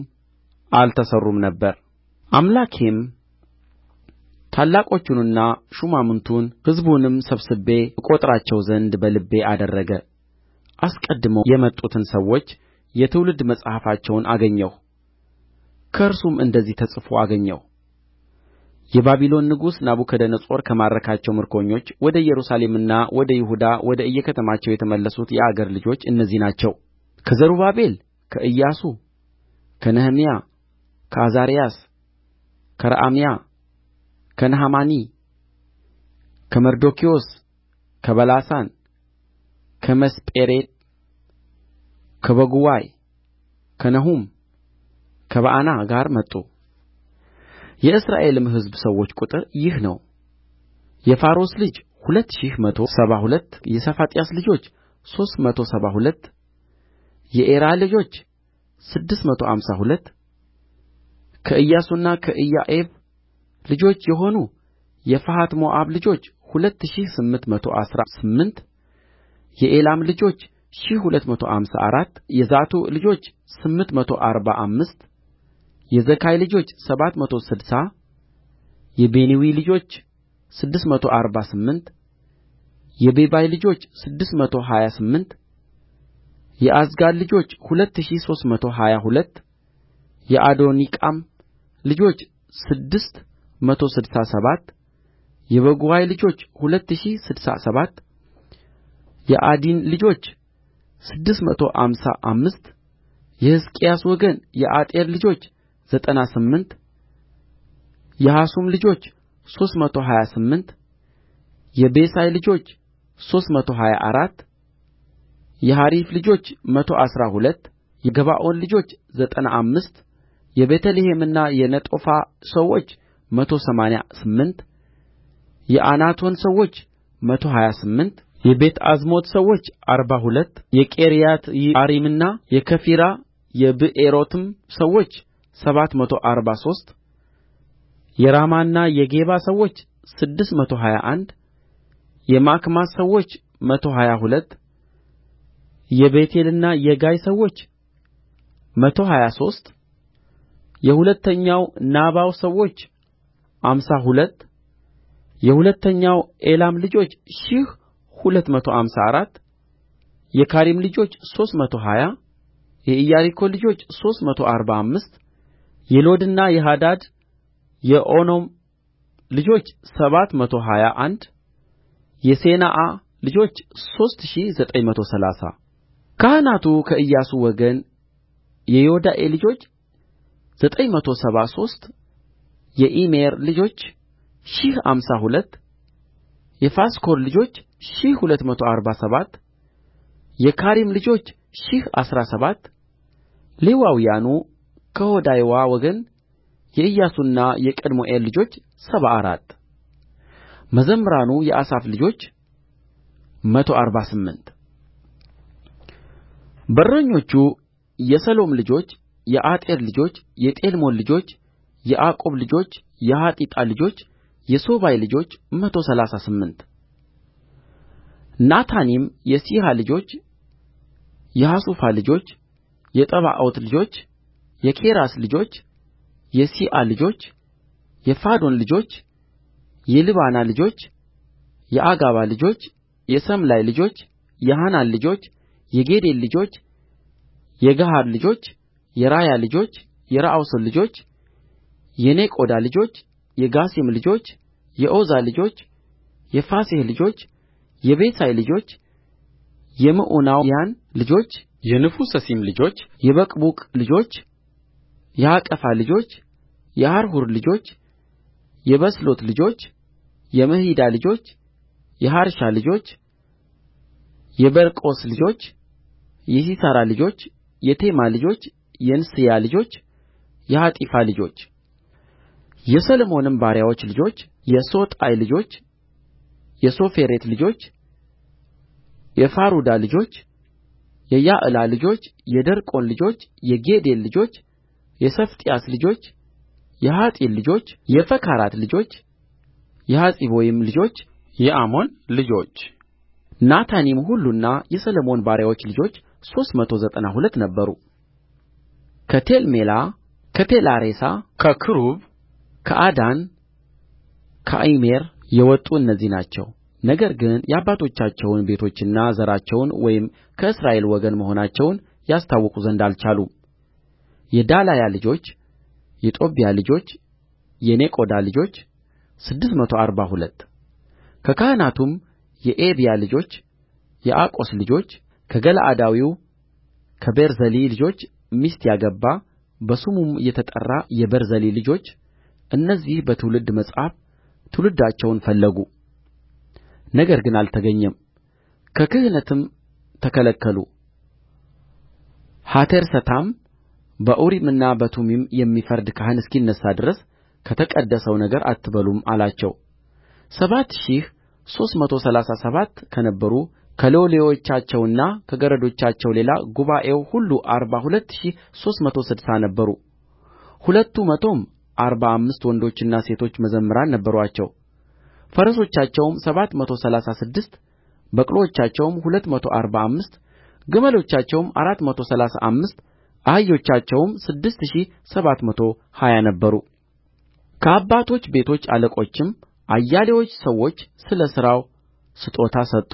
አልተሠሩም ነበር አምላኬም ታላቆቹንና ሹማምቱን ሕዝቡንም ሰብስቤ እቈጥራቸው ዘንድ በልቤ አደረገ አስቀድመው የመጡትን ሰዎች የትውልድ መጽሐፋቸውን አገኘሁ ከእርሱም እንደዚህ ተጽፎ አገኘሁ የባቢሎን ንጉሥ ናቡከደነፆር ከማረካቸው ምርኮኞች ወደ ኢየሩሳሌምና ወደ ይሁዳ ወደ እየከተማቸው የተመለሱት የአገር ልጆች እነዚህ ናቸው ከዘሩባቤል ከኢያሱ ከነህምያ ከዓዛርያስ ከረዓምያ ከነሐማኒ ከመርዶክዮስ ከበላሳን ከሚስጴሬት ከበጉዋይ ከነሑም ከበዓና ጋር መጡ የእስራኤልም ሕዝብ ሰዎች ቍጥር ይህ ነው የፋሮስ ልጅ ሁለት ሺህ መቶ ሰባ ሁለት የሰፋጥያስ ልጆች ሦስት መቶ ሰባ ሁለት የኤራ ልጆች ስድስት መቶ አምሳ ሁለት ከኢያሱና ከኢዮአብ ልጆች የሆኑ የፈሐት ሞዓብ ልጆች ሁለት ሺህ ስምንት መቶ አሥራ ስምንት የኤላም ልጆች ሺህ ሁለት መቶ አምሳ አራት የዛቱዕ ልጆች ስምንት መቶ አርባ አምስት የዘካይ ልጆች ሰባት መቶ ስድሳ የቢንዊ ልጆች ስድስት መቶ አርባ ስምንት የቤባይ ልጆች ስድስት መቶ ሀያ ስምንት የዓዝጋድ ልጆች ሁለት ሺህ ሦስት መቶ ሀያ ሁለት የአዶኒቃም ልጆች ስድስት መቶ ስድሳ ሰባት የበጉዋይ ልጆች ሁለት ሺህ ስድሳ ሰባት የዓዲን ልጆች ስድስት መቶ አምሳ አምስት የሕዝቅያስ ወገን የአጤር ልጆች ዘጠና ስምንት የሐሱም ልጆች ሦስት መቶ ሀያ ስምንት የቤሳይ ልጆች ሦስት መቶ ሀያ አራት የሐሪፍ ልጆች መቶ አሥራ ሁለት የገባዖን ልጆች ዘጠና አምስት የቤተ ልሔምና የነጦፋ ሰዎች መቶ ሰማንያ ስምንት የአናቶን ሰዎች መቶ ሀያ ስምንት የቤትዓዝሞት ሰዎች አርባ ሁለት የቂርያትይዓሪምና የከፊራ የብኤሮትም ሰዎች ሰባት መቶ አርባ ሦስት የራማና የጌባ ሰዎች ስድስት መቶ ሀያ አንድ የማክማስ ሰዎች መቶ ሀያ ሁለት የቤቴልና የጋይ ሰዎች መቶ ሀያ ሦስት የሁለተኛው ናባው ሰዎች አምሳ ሁለት የሁለተኛው ኤላም ልጆች ሺህ ሁለት መቶ አምሳ አራት የካሪም ልጆች ሦስት መቶ ሀያ የኢያሪኮ ልጆች ሦስት መቶ አርባ አምስት የሎድና የሐዲድ የኦኖም ልጆች ሰባት መቶ ሀያ አንድ የሴናዓ ልጆች ሦስት ሺህ ዘጠኝ መቶ ሠላሳ ካህናቱ ከኢያሱ ወገን የዮዳኤ ልጆች ዘጠኝ መቶ ሰባ ሦስት የኢሜር ልጆች ሺህ አምሳ ሁለት የፋስኮር ልጆች ሺህ ሁለት መቶ አርባ ሰባት የካሪም ልጆች ሺህ አሥራ ሰባት ሌዋውያኑ ከሆዳይዋ ወገን የኢያሱና የቀድምኤል ልጆች ሰባ አራት መዘምራኑ የአሳፍ ልጆች መቶ አርባ ስምንት በረኞቹ የሰሎም ልጆች የአጤር ልጆች የጤልሞን ልጆች የዓቁብ ልጆች የሐጢጣ ልጆች የሶባይ ልጆች መቶ ሠላሳ ስምንት ናታኒም የሲሐ ልጆች የሐሡፋ ልጆች የጠብዖት ልጆች የኬራስ ልጆች የሲዓ ልጆች የፋዶን ልጆች የልባና ልጆች የአጋባ ልጆች የሰምላይ ልጆች የሐናን ልጆች የጌዴል ልጆች የጋሃር ልጆች የራያ ልጆች የረአሶን ልጆች የኔቆዳ ልጆች የጋሴም ልጆች የዖዛ ልጆች የፋሴሕ ልጆች የቤሳይ ልጆች የምዑናውያን ልጆች የንፉሰሲም ልጆች የበቅቡቅ ልጆች የሐቀፋ ልጆች የሐርሑር ልጆች የበስሎት ልጆች የምሒዳ ልጆች የሐርሻ ልጆች የበርቆስ ልጆች የሲሣራ ልጆች የቴማ ልጆች የንስያ ልጆች የሐጢፋ ልጆች የሰሎሞንም ባሪያዎች ልጆች የሶጣይ ልጆች የሶፌሬት ልጆች የፋሩዳ ልጆች የያዕላ ልጆች የደርቆን ልጆች የጌዴል ልጆች የሰፋጥያስ ልጆች የሐጢል ልጆች የፈከራት ልጆች የሐፂቦይም ልጆች የአሞን ልጆች ናታኒም ሁሉና የሰሎሞን ባሪያዎች ልጆች ሦስት መቶ ዘጠና ሁለት ነበሩ ከቴልሜላ ከቴላሬሳ ከክሩብ ከአዳን ከኢሜር የወጡ እነዚህ ናቸው ነገር ግን የአባቶቻቸውን ቤቶችና ዘራቸውን ወይም ከእስራኤል ወገን መሆናቸውን ያስታውቁ ዘንድ አልቻሉም የዳላያ ልጆች የጦብያ ልጆች የኔቆዳ ልጆች ስድስት መቶ አርባ ሁለት ከካህናቱም የኤብያ ልጆች የአቆስ ልጆች ከገለዓዳዊው ከቤርዜሊ ልጆች ሚስት ያገባ በስሙም የተጠራ የቤርዜሊ ልጆች እነዚህ በትውልድ መጽሐፍ ትውልዳቸውን ፈለጉ ነገር ግን አልተገኘም ከክህነትም ተከለከሉ ሐቴርሰታም በኡሪምና በቱሚም የሚፈርድ ካህን እስኪነሣ ድረስ ከተቀደሰው ነገር አትበሉም አላቸው ሰባት ሺህ ሦስት መቶ ሠላሳ ሰባት ከነበሩ ከሎሌዎቻቸውና ከገረዶቻቸው ሌላ ጉባኤው ሁሉ አርባ ሁለት ሺህ ሦስት መቶ ስድሳ ነበሩ ሁለቱ መቶም አርባ አምስት ወንዶችና ሴቶች መዘምራን ነበሩአቸው ፈረሶቻቸውም ሰባት መቶ ሠላሳ ስድስት በቅሎቻቸውም ሁለት መቶ አርባ አምስት ግመሎቻቸውም አራት መቶ ሠላሳ አምስት አህዮቻቸውም ስድስት ሺህ ሰባት መቶ ሀያ ነበሩ ከአባቶች ቤቶች አለቆችም አያሌዎች ሰዎች ስለ ሥራው ስጦታ ሰጡ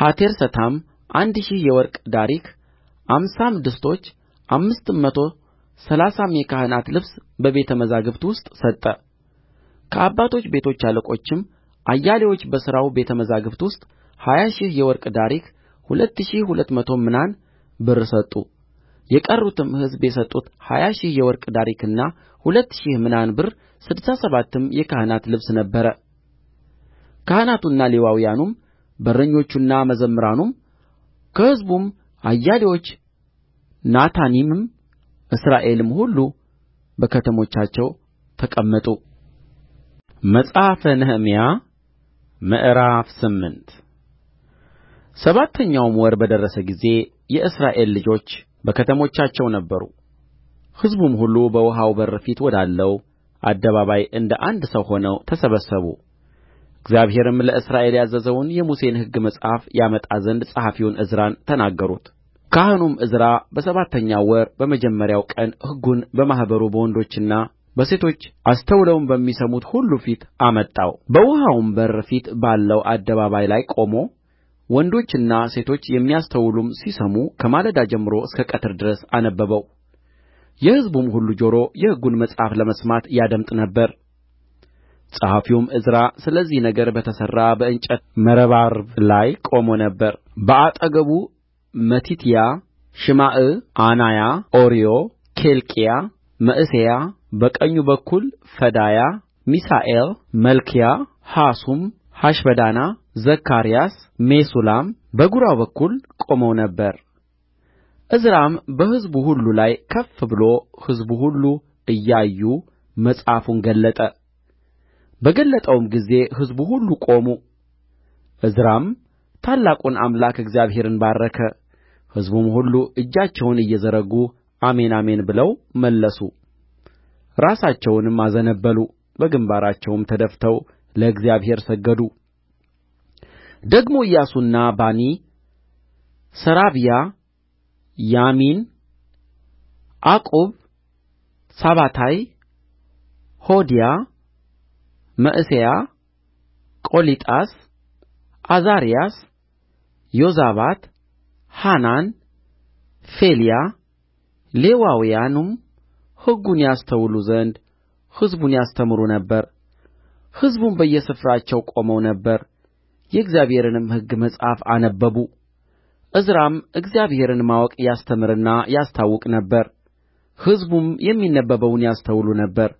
ሐቴርሰታም አንድ ሺህ የወርቅ ዳሪክ አምሳም ድስቶች አምስትም መቶ ሠላሳም የካህናት ልብስ በቤተ መዛግብት ውስጥ ሰጠ ከአባቶች ቤቶች አለቆችም አያሌዎች በሥራው ቤተ መዛግብት ውስጥ ሀያ ሺህ የወርቅ ዳሪክ ሁለት ሺህ ሁለት መቶም ምናን ብር ሰጡ የቀሩትም ሕዝብ የሰጡት ሀያ ሺህ የወርቅ ዳሪክና ሁለት ሺህ ምናን ብር ስድሳ ሰባትም የካህናት ልብስ ነበረ ካህናቱና ሌዋውያኑም በረኞቹና መዘምራኑም ከሕዝቡም አያሌዎች ናታኒምም እስራኤልም ሁሉ በከተሞቻቸው ተቀመጡ። መጽሐፈ ነህምያ ምዕራፍ ስምንት ሰባተኛውም ወር በደረሰ ጊዜ የእስራኤል ልጆች በከተሞቻቸው ነበሩ ሕዝቡም ሁሉ በውኃው በር ፊት ወዳለው አደባባይ እንደ አንድ ሰው ሆነው ተሰበሰቡ እግዚአብሔርም ለእስራኤል ያዘዘውን የሙሴን ሕግ መጽሐፍ ያመጣ ዘንድ ጸሐፊውን ዕዝራን ተናገሩት ካህኑም ዕዝራ በሰባተኛው ወር በመጀመሪያው ቀን ሕጉን በማኅበሩ በወንዶችና በሴቶች አስተውለውም በሚሰሙት ሁሉ ፊት አመጣው በውኃውም በር ፊት ባለው አደባባይ ላይ ቆሞ ወንዶችና ሴቶች የሚያስተውሉም ሲሰሙ ከማለዳ ጀምሮ እስከ ቀትር ድረስ አነበበው የሕዝቡም ሁሉ ጆሮ የሕጉን መጽሐፍ ለመስማት ያደምጥ ነበር ጸሐፊውም ዕዝራ ስለዚህ ነገር በተሠራ በእንጨት መረባርብ ላይ ቆሞ ነበር በአጠገቡ መቲትያ ሽማዕ ዓናያ ኦርዮ ኬልቅያ መዕሤያ በቀኙ በኩል ፈዳያ ሚሳኤል መልክያ ሐሱም ሐሽበዳና ዘካርያስ ሜሱላም በግራው በኩል ቆመው ነበር ዕዝራም በሕዝቡ ሁሉ ላይ ከፍ ብሎ ሕዝቡ ሁሉ እያዩ መጽሐፉን ገለጠ በገለጠውም ጊዜ ሕዝቡ ሁሉ ቆሙ ዕዝራም ታላቁን አምላክ እግዚአብሔርን ባረከ ሕዝቡም ሁሉ እጃቸውን እየዘረጉ አሜን አሜን ብለው መለሱ ራሳቸውንም አዘነበሉ በግምባራቸውም ተደፍተው ለእግዚአብሔር ሰገዱ ደግሞ ኢያሱና ባኒ ሰራብያ ያሚን ዓቁብ ሳባታይ ሆዲያ መዕሤያ ቆሊጣስ ዓዛርያስ ዮዛባት ሐናን ፌልያ ሌዋውያኑም ሕጉን ያስተውሉ ዘንድ ሕዝቡን ያስተምሩ ነበር ሕዝቡም በየስፍራቸው ቆመው ነበር የእግዚአብሔርንም ሕግ መጽሐፍ አነበቡ ዕዝራም እግዚአብሔርን ማወቅ ያስተምርና ያስታውቅ ነበር ሕዝቡም የሚነበበውን ያስተውሉ ነበር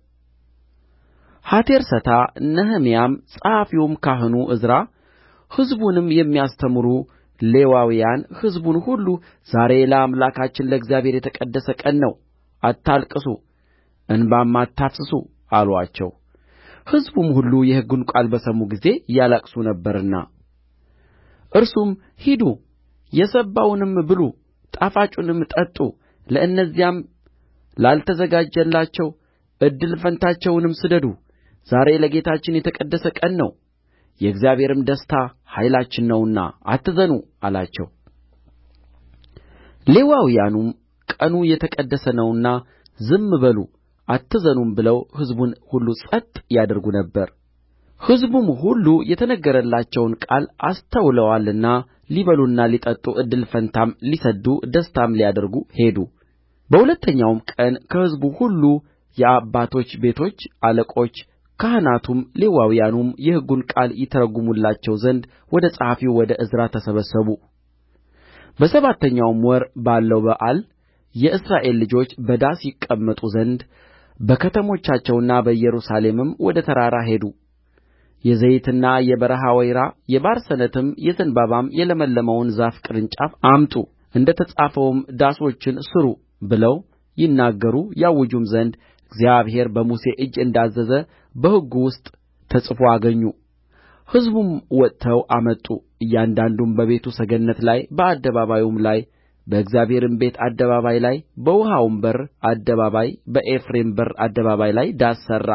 ሐቴርሰታ ነህምያም ጸሐፊውም ካህኑ ዕዝራ ሕዝቡንም የሚያስተምሩ ሌዋውያን ሕዝቡን ሁሉ ዛሬ ለአምላካችን ለእግዚአብሔር የተቀደሰ ቀን ነው አታልቅሱ እንባም አታፍስሱ አሉአቸው ሕዝቡም ሁሉ የሕጉን ቃል በሰሙ ጊዜ ያለቅሱ ነበርና እርሱም ሂዱ የሰባውንም ብሉ ጣፋጩንም ጠጡ ለእነዚያም ላልተዘጋጀላቸው እድል ፈንታቸውንም ስደዱ ዛሬ ለጌታችን የተቀደሰ ቀን ነው የእግዚአብሔርም ደስታ ኃይላችን ነውና አትዘኑ አላቸው። ሌዋውያኑም ቀኑ የተቀደሰ ነውና ዝም በሉ አትዘኑም ብለው ሕዝቡን ሁሉ ጸጥ ያደርጉ ነበር ሕዝቡም ሁሉ የተነገረላቸውን ቃል አስተውለዋልና ሊበሉና ሊጠጡ እድል ፈንታም ሊሰድዱ ደስታም ሊያደርጉ ሄዱ በሁለተኛውም ቀን ከሕዝቡ ሁሉ የአባቶች ቤቶች አለቆች ካህናቱም ሌዋውያኑም የሕጉን ቃል ይተረጕምላቸው ዘንድ ወደ ጸሐፊው ወደ ዕዝራ ተሰበሰቡ በሰባተኛውም ወር ባለው በዓል የእስራኤል ልጆች በዳስ ይቀመጡ ዘንድ በከተሞቻቸውና በኢየሩሳሌምም ወደ ተራራ ሄዱ የዘይትና የበረሀ ወይራ የባርሰነትም የዘንባባም የለመለመውን ዛፍ ቅርንጫፍ አምጡ እንደ ተጻፈውም ዳሶችን ሥሩ ብለው ይናገሩ ያውጁም ዘንድ እግዚአብሔር በሙሴ እጅ እንዳዘዘ በሕጉ ውስጥ ተጽፎ አገኙ ሕዝቡም ወጥተው አመጡ እያንዳንዱም በቤቱ ሰገነት ላይ በአደባባዩም ላይ በእግዚአብሔርም ቤት አደባባይ ላይ በውኃውም በር አደባባይ በኤፍሬም በር አደባባይ ላይ ዳስ ሠራ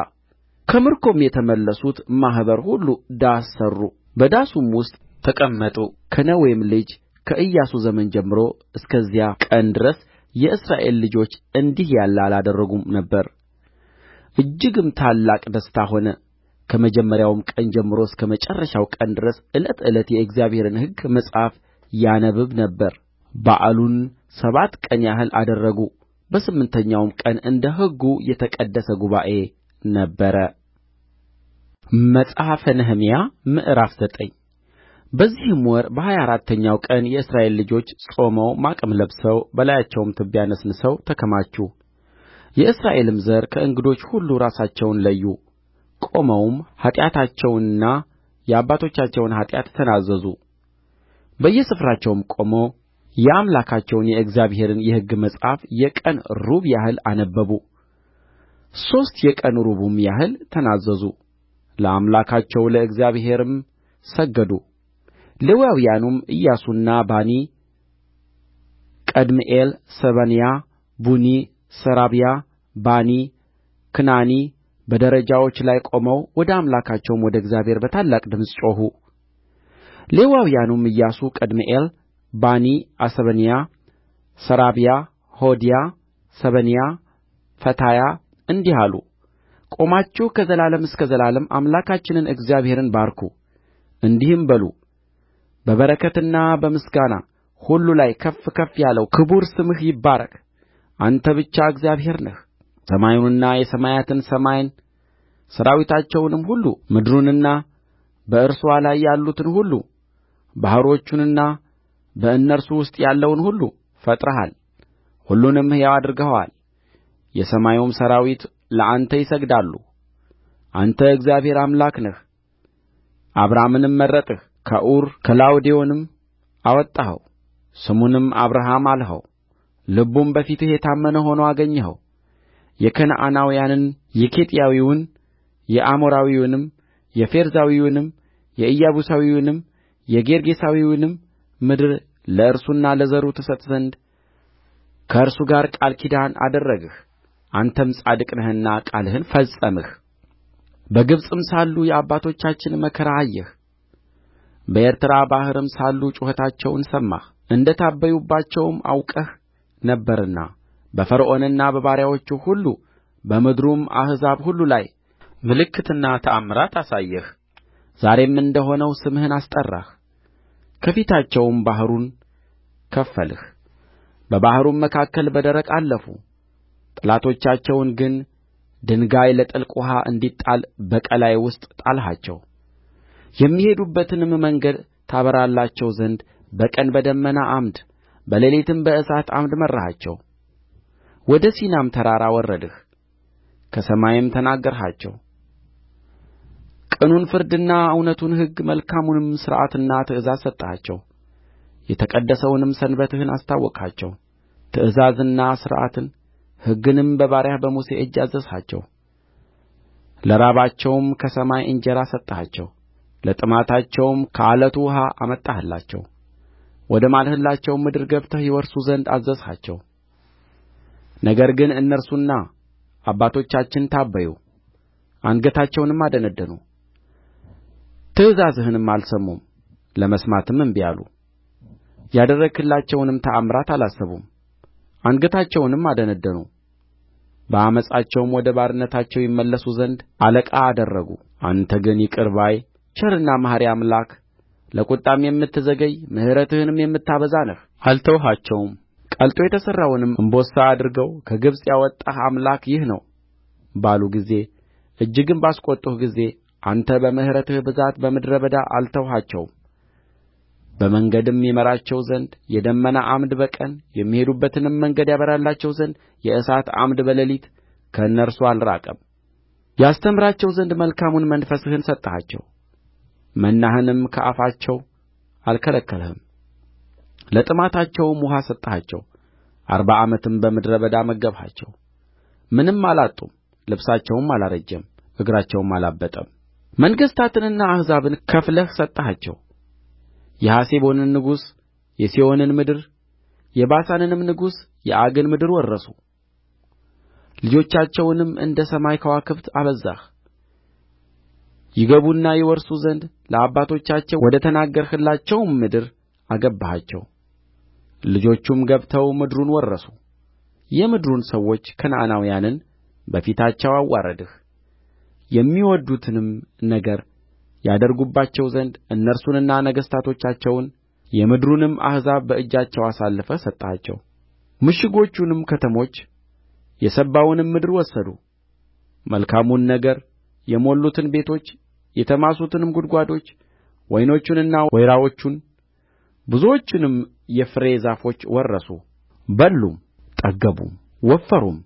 ከምርኮም የተመለሱት ማኅበር ሁሉ ዳስ ሠሩ በዳሱም ውስጥ ተቀመጡ ከነዌም ልጅ ከኢያሱ ዘመን ጀምሮ እስከዚያ ቀን ድረስ የእስራኤል ልጆች እንዲህ ያለ አላደረጉም ነበር። እጅግም ታላቅ ደስታ ሆነ። ከመጀመሪያውም ቀን ጀምሮ እስከ መጨረሻው ቀን ድረስ ዕለት ዕለት የእግዚአብሔርን ሕግ መጽሐፍ ያነብብ ነበር። በዓሉን ሰባት ቀን ያህል አደረጉ በስምንተኛውም ቀን እንደ ሕጉ የተቀደሰ ጉባኤ ነበረ መጽሐፈ ነህምያ ምዕራፍ ዘጠኝ በዚህም ወር በሀያ አራተኛው ቀን የእስራኤል ልጆች ጾመው ማቅም ለብሰው በላያቸውም ትቢያ ነስንሰው ተከማቹ የእስራኤልም ዘር ከእንግዶች ሁሉ ራሳቸውን ለዩ ቆመውም ኃጢአታቸውንና የአባቶቻቸውን ኃጢአት ተናዘዙ በየስፍራቸውም ቆመው የአምላካቸውን የእግዚአብሔርን የሕግ መጽሐፍ የቀን ሩብ ያህል አነበቡ ሦስት የቀን ሩብም ያህል ተናዘዙ ለአምላካቸው ለእግዚአብሔርም ሰገዱ ሌዋውያኑም ኢያሱና ባኒ ቀድምኤል ሰበንያ ቡኒ ሰራብያ ባኒ ክናኒ በደረጃዎች ላይ ቆመው ወደ አምላካቸውም ወደ እግዚአብሔር በታላቅ ድምፅ ጮኹ ሌዋውያኑም ኢያሱ ቀድምኤል ባኒ አሰበንያ ሰራብያ ሆዲያ ሰበንያ ፈታያ እንዲህ አሉ ቆማችሁ ከዘላለም እስከ ዘላለም አምላካችንን እግዚአብሔርን ባርኩ እንዲህም በሉ በበረከትና በምስጋና ሁሉ ላይ ከፍ ከፍ ያለው ክቡር ስምህ ይባረክ አንተ ብቻ እግዚአብሔር ነህ ሰማዩንና የሰማያትን ሰማይን ሠራዊታቸውንም ሁሉ ምድሩንና በእርስዋ ላይ ያሉትን ሁሉ ባሕሮቹንና በእነርሱ ውስጥ ያለውን ሁሉ ፈጥረሃል ሁሉንም ሕያው አድርገኸዋል የሰማዩም ሠራዊት ለአንተ ይሰግዳሉ አንተ እግዚአብሔር አምላክ ነህ አብራምንም መረጥህ ከዑር ከላውዴዎንም አወጣኸው ስሙንም አብርሃም አልኸው ልቡም በፊትህ የታመነ ሆኖ አገኘኸው የከነዓናውያንን የኬጢያዊውን የአሞራዊውንም የፌርዛዊውንም የኢያቡሳዊውንም የጌርጌሳዊውንም ምድር ለእርሱና ለዘሩ ትሰጥ ዘንድ ከእርሱ ጋር ቃል ኪዳን አደረግህ አንተም ጻድቅ ነህና ቃልህን ፈጸምህ በግብጽም ሳሉ የአባቶቻችን መከራ አየህ በኤርትራ ባሕርም ሳሉ ጩኸታቸውን ሰማህ እንደ ታበዩባቸውም አውቀህ ነበርና በፈርዖንና በባሪያዎቹ ሁሉ በምድሩም አሕዛብ ሁሉ ላይ ምልክትና ተአምራት አሳየህ ዛሬም እንደ ሆነው ስምህን አስጠራህ ከፊታቸውም ባሕሩን ከፈልህ በባሕሩም መካከል በደረቅ አለፉ ጠላቶቻቸውን ግን ድንጋይ ለጥልቅ ውኃ እንዲጣል በቀላይ ውስጥ ጣልሃቸው የሚሄዱበትንም መንገድ ታበራላቸው ዘንድ በቀን በደመና ዓምድ በሌሊትም በእሳት ዓምድ መራሃቸው ወደ ሲናም ተራራ ወረድህ ከሰማይም ተናገርሃቸው ቅኑን ፍርድና እውነቱን ሕግ መልካሙንም ሥርዓትና ትእዛዝ ሰጠሃቸው የተቀደሰውንም ሰንበትህን አስታወቅሃቸው ትእዛዝንና ሥርዓትን ሕግንም በባሪያህ በሙሴ እጅ አዘዝሃቸው ለራባቸውም ከሰማይ እንጀራ ሰጠሃቸው ለጥማታቸውም ከዓለቱ ውኃ አመጣህላቸው ወደ ማልህላቸውም ምድር ገብተህ ይወርሱ ዘንድ አዘዝሃቸው ነገር ግን እነርሱና አባቶቻችን ታበዩ አንገታቸውንም አደነደኑ ትእዛዝህንም አልሰሙም ለመስማትም እንቢ አሉ ያደረግህላቸውንም ተአምራት አላሰቡም አንገታቸውንም አደነደኑ በዓመፃቸውም ወደ ባርነታቸው ይመለሱ ዘንድ አለቃ አደረጉ አንተ ግን ይቅር ባይ ቸርና መሐሪ አምላክ ለቍጣም የምትዘገይ ምሕረትህንም የምታበዛ ነህ አልተውሃቸውም ቀልጦ የተሠራውንም እምቦሳ አድርገው ከግብጽ ያወጣህ አምላክ ይህ ነው ባሉ ጊዜ እጅግም ባስቈጡህ ጊዜ አንተ በምሕረትህ ብዛት በምድረ በዳ አልተውሃቸውም በመንገድም ይመራቸው ዘንድ የደመና ዓምድ በቀን የሚሄዱበትንም መንገድ ያበራላቸው ዘንድ የእሳት ዓምድ በሌሊት ከእነርሱ አልራቀም ያስተምራቸው ዘንድ መልካሙን መንፈስህን ሰጠሃቸው መናህንም ከአፋቸው አልከለከልህም ለጥማታቸውም ውኃ ሰጠሃቸው አርባ ዓመትም በምድረ በዳ መገብሃቸው ምንም አላጡም ልብሳቸውም አላረጀም እግራቸውም አላበጠም መንግሥታትንና አሕዛብን ከፍለህ ሰጠሃቸው የሐሴቦንን ንጉሥ የሴዎንን ምድር የባሳንንም ንጉሥ የዐግን ምድር ወረሱ ልጆቻቸውንም እንደ ሰማይ ከዋክብት አበዛህ ይገቡና ይወርሱ ዘንድ ለአባቶቻቸው ወደ ተናገርህላቸውም ምድር አገባሃቸው ልጆቹም ገብተው ምድሩን ወረሱ የምድሩን ሰዎች ከነዓናውያንን በፊታቸው አዋረድህ የሚወድዱትንም ነገር ያደርጉባቸው ዘንድ እነርሱንና ነገሥታቶቻቸውን የምድሩንም አሕዛብ በእጃቸው አሳልፈህ ሰጠሃቸው ምሽጎቹንም ከተሞች የሰባውንም ምድር ወሰዱ መልካሙን ነገር የሞሉትን ቤቶች የተማሱትንም ጕድጓዶች ወይኖቹንና ወይራዎቹን ብዙዎቹንም የፍሬ ዛፎች ወረሱ በሉም ጠገቡም ወፈሩም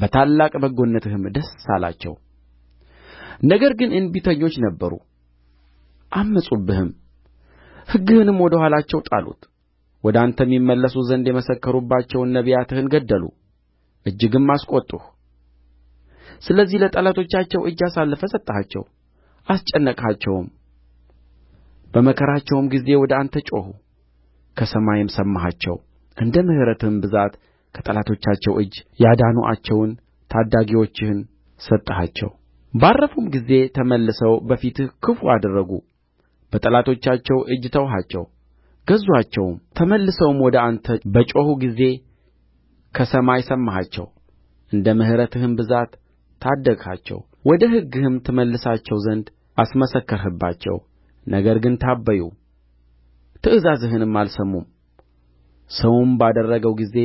በታላቅ በጎነትህም ደስ አላቸው ነገር ግን እንቢተኞች ነበሩ ዐመፁብህም ሕግህንም ወደ ኋላቸው ጣሉት ወደ አንተም ይመለሱ ዘንድ የመሰከሩባቸውን ነቢያትህን ገደሉ እጅግም አስቈጡህ ስለዚህ ለጠላቶቻቸው እጅ አሳልፈህ ሰጠሃቸው አስጨነቅሃቸውም በመከራቸውም ጊዜ ወደ አንተ ጮኹ ከሰማይም ሰማሃቸው እንደ ምሕረትህም ብዛት ከጠላቶቻቸው እጅ ያዳኑአቸውን ታዳጊዎችህን ሰጠሃቸው ባረፉም ጊዜ ተመልሰው በፊትህ ክፉ አደረጉ በጠላቶቻቸው እጅ ተውሃቸው ገዙአቸውም ተመልሰውም ወደ አንተ በጮኹ ጊዜ ከሰማይ ሰማሃቸው እንደ ምሕረትህም ብዛት ታደግሃቸው ወደ ሕግህም ትመልሳቸው ዘንድ አስመሰከርህባቸው ነገር ግን ታበዩ ትእዛዝህንም አልሰሙም ሰውም ባደረገው ጊዜ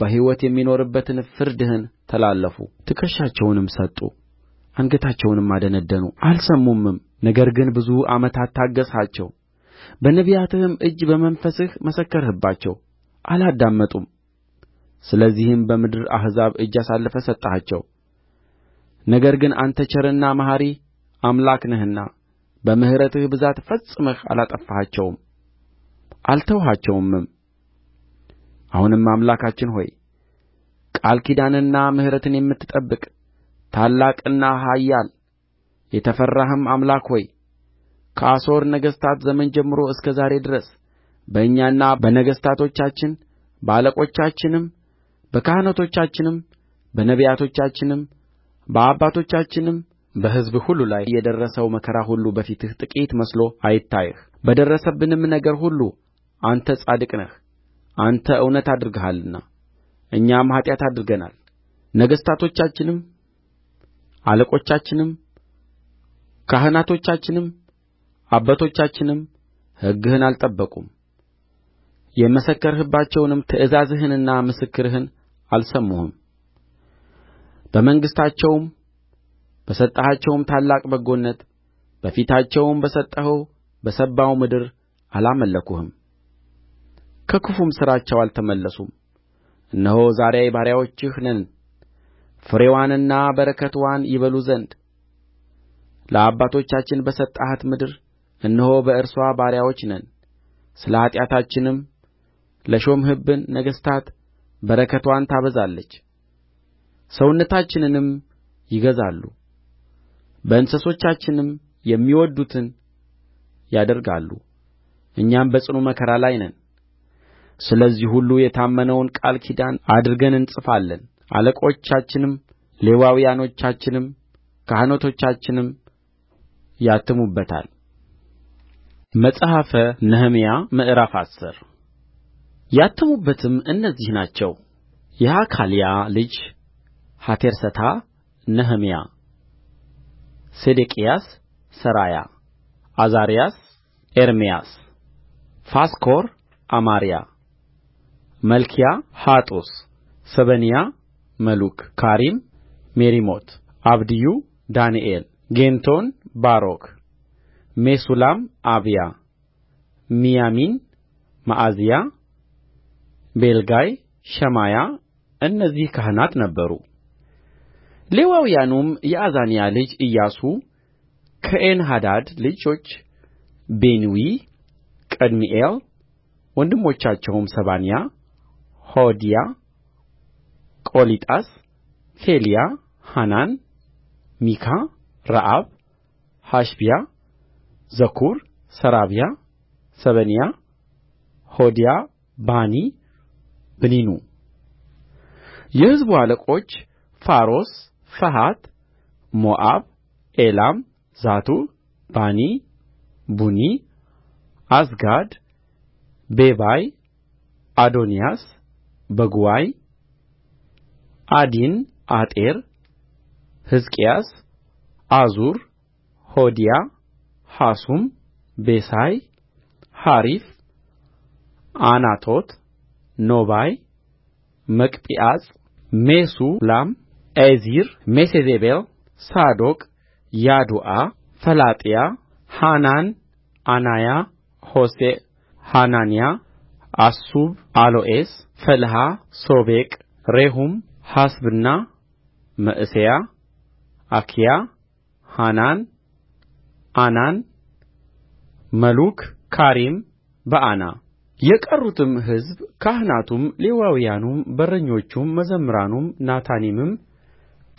በሕይወት የሚኖርበትን ፍርድህን ተላለፉ ትከሻቸውንም ሰጡ አንገታቸውንም አደነደኑ አልሰሙምም ነገር ግን ብዙ ዓመታት ታገሥሃቸው በነቢያትህም እጅ በመንፈስህ መሰከርህባቸው አላዳመጡም ስለዚህም በምድር አሕዛብ እጅ አሳልፈህ ሰጠሃቸው ነገር ግን አንተ ቸርና መሐሪ አምላክ ነህና በምሕረትህ ብዛት ፈጽመህ አላጠፋሃቸውም አልተውሃቸውምም አሁንም አምላካችን ሆይ ቃል ኪዳንንና ምሕረትን የምትጠብቅ ታላቅና ኃያል የተፈራህም አምላክ ሆይ ከአሦር ነገሥታት ዘመን ጀምሮ እስከ ዛሬ ድረስ በእኛና በነገሥታቶቻችን በአለቆቻችንም በካህናቶቻችንም በነቢያቶቻችንም በአባቶቻችንም በሕዝብህ ሁሉ ላይ የደረሰው መከራ ሁሉ በፊትህ ጥቂት መስሎ አይታይህ። በደረሰብንም ነገር ሁሉ አንተ ጻድቅ ነህ፣ አንተ እውነት አድርገሃልና እኛም ኃጢአት አድርገናል፣ ነገሥታቶቻችንም አለቆቻችንም ካህናቶቻችንም አባቶቻችንም ሕግህን አልጠበቁም የመሰከርህባቸውንም ትእዛዝህንና ምስክርህን አልሰሙህም በመንግሥታቸውም በሰጠሃቸውም ታላቅ በጎነት በፊታቸውም በሰጠኸው በሰባው ምድር አላመለኩህም ከክፉም ሥራቸው አልተመለሱም እነሆ ዛሬ ባሪያዎችህ ነን ፍሬዋንና በረከትዋን ይበሉ ዘንድ ለአባቶቻችን በሰጠሃት ምድር እነሆ በእርስዋ ባሪያዎች ነን ስለ ኃጢአታችንም ለሾምህብን ነገሥታት በረከትዋን ታበዛለች ሰውነታችንንም ይገዛሉ በእንስሶቻችንም የሚወድዱትን ያደርጋሉ እኛም በጽኑ መከራ ላይ ነን ስለዚህ ሁሉ የታመነውን ቃል ኪዳን አድርገን እንጽፋለን አለቆቻችንም ሌዋውያኖቻችንም ካህናቶቻችንም ያትሙበታል መጽሐፈ ነህምያ ምዕራፍ አስር ያተሙበትም እነዚህ ናቸው የሐካልያ ልጅ ሐቴርሰታ ነህምያ ሴዴቅያስ ሠራያ ዓዛርያስ ኤርምያስ ፋስኮር አማርያ መልክያ ሐጡስ ሰበንያ መሉክ ካሪም ሜሪሞት አብድዩ ዳንኤል ጌንቶን ባሮክ ሜሱላም አብያ ሚያሚን መዓዝያ ቤልጋል ሸማያ እነዚህ ካህናት ነበሩ ሌዋውያኑም የአዛንያ ልጅ ኢያሱ ከኤንሐዳድ ልጆች ቢንዊ ቀድምኤል ወንድሞቻቸውም ሰባንያ ሆዲያ ቆሊጣስ ፌልያ ሐናን ሚካ ረአብ ሐሸብያ ዘኩር ሰራብያ ሰበንያ ሆዲያ ባኒ ብኒኑ የሕዝቡ አለቆች ፋሮስ ፈሐት ሞዓብ ኤላም ዛቱዕ ባኒ ቡኒ ዓዝጋድ ቤባይ አዶንያስ በጉዋይ ዓዲን አጤር ሕዝቅያስ ዓዙር ሆዲያ ሐሱም ቤሳይ ሐሪፍ ዓናቶት ኖባይ መግጲዓስ ሜሱላም ኤዚር ሜሴዜቤል ሳዶቅ ያዱአ ፈላጥያ ሐናን ዓናያ ሆሴዕ ሐናንያ አሱብ አሎኤስ ፈልሃ ሶቤቅ ሬሁም ሐሰብና መዕሤያ አኪያ ሐናን ዓናን መሉክ ካሪም በዓና የቀሩትም ሕዝብ ካህናቱም ሌዋውያኑም በረኞቹም መዘምራኑም ናታኒምም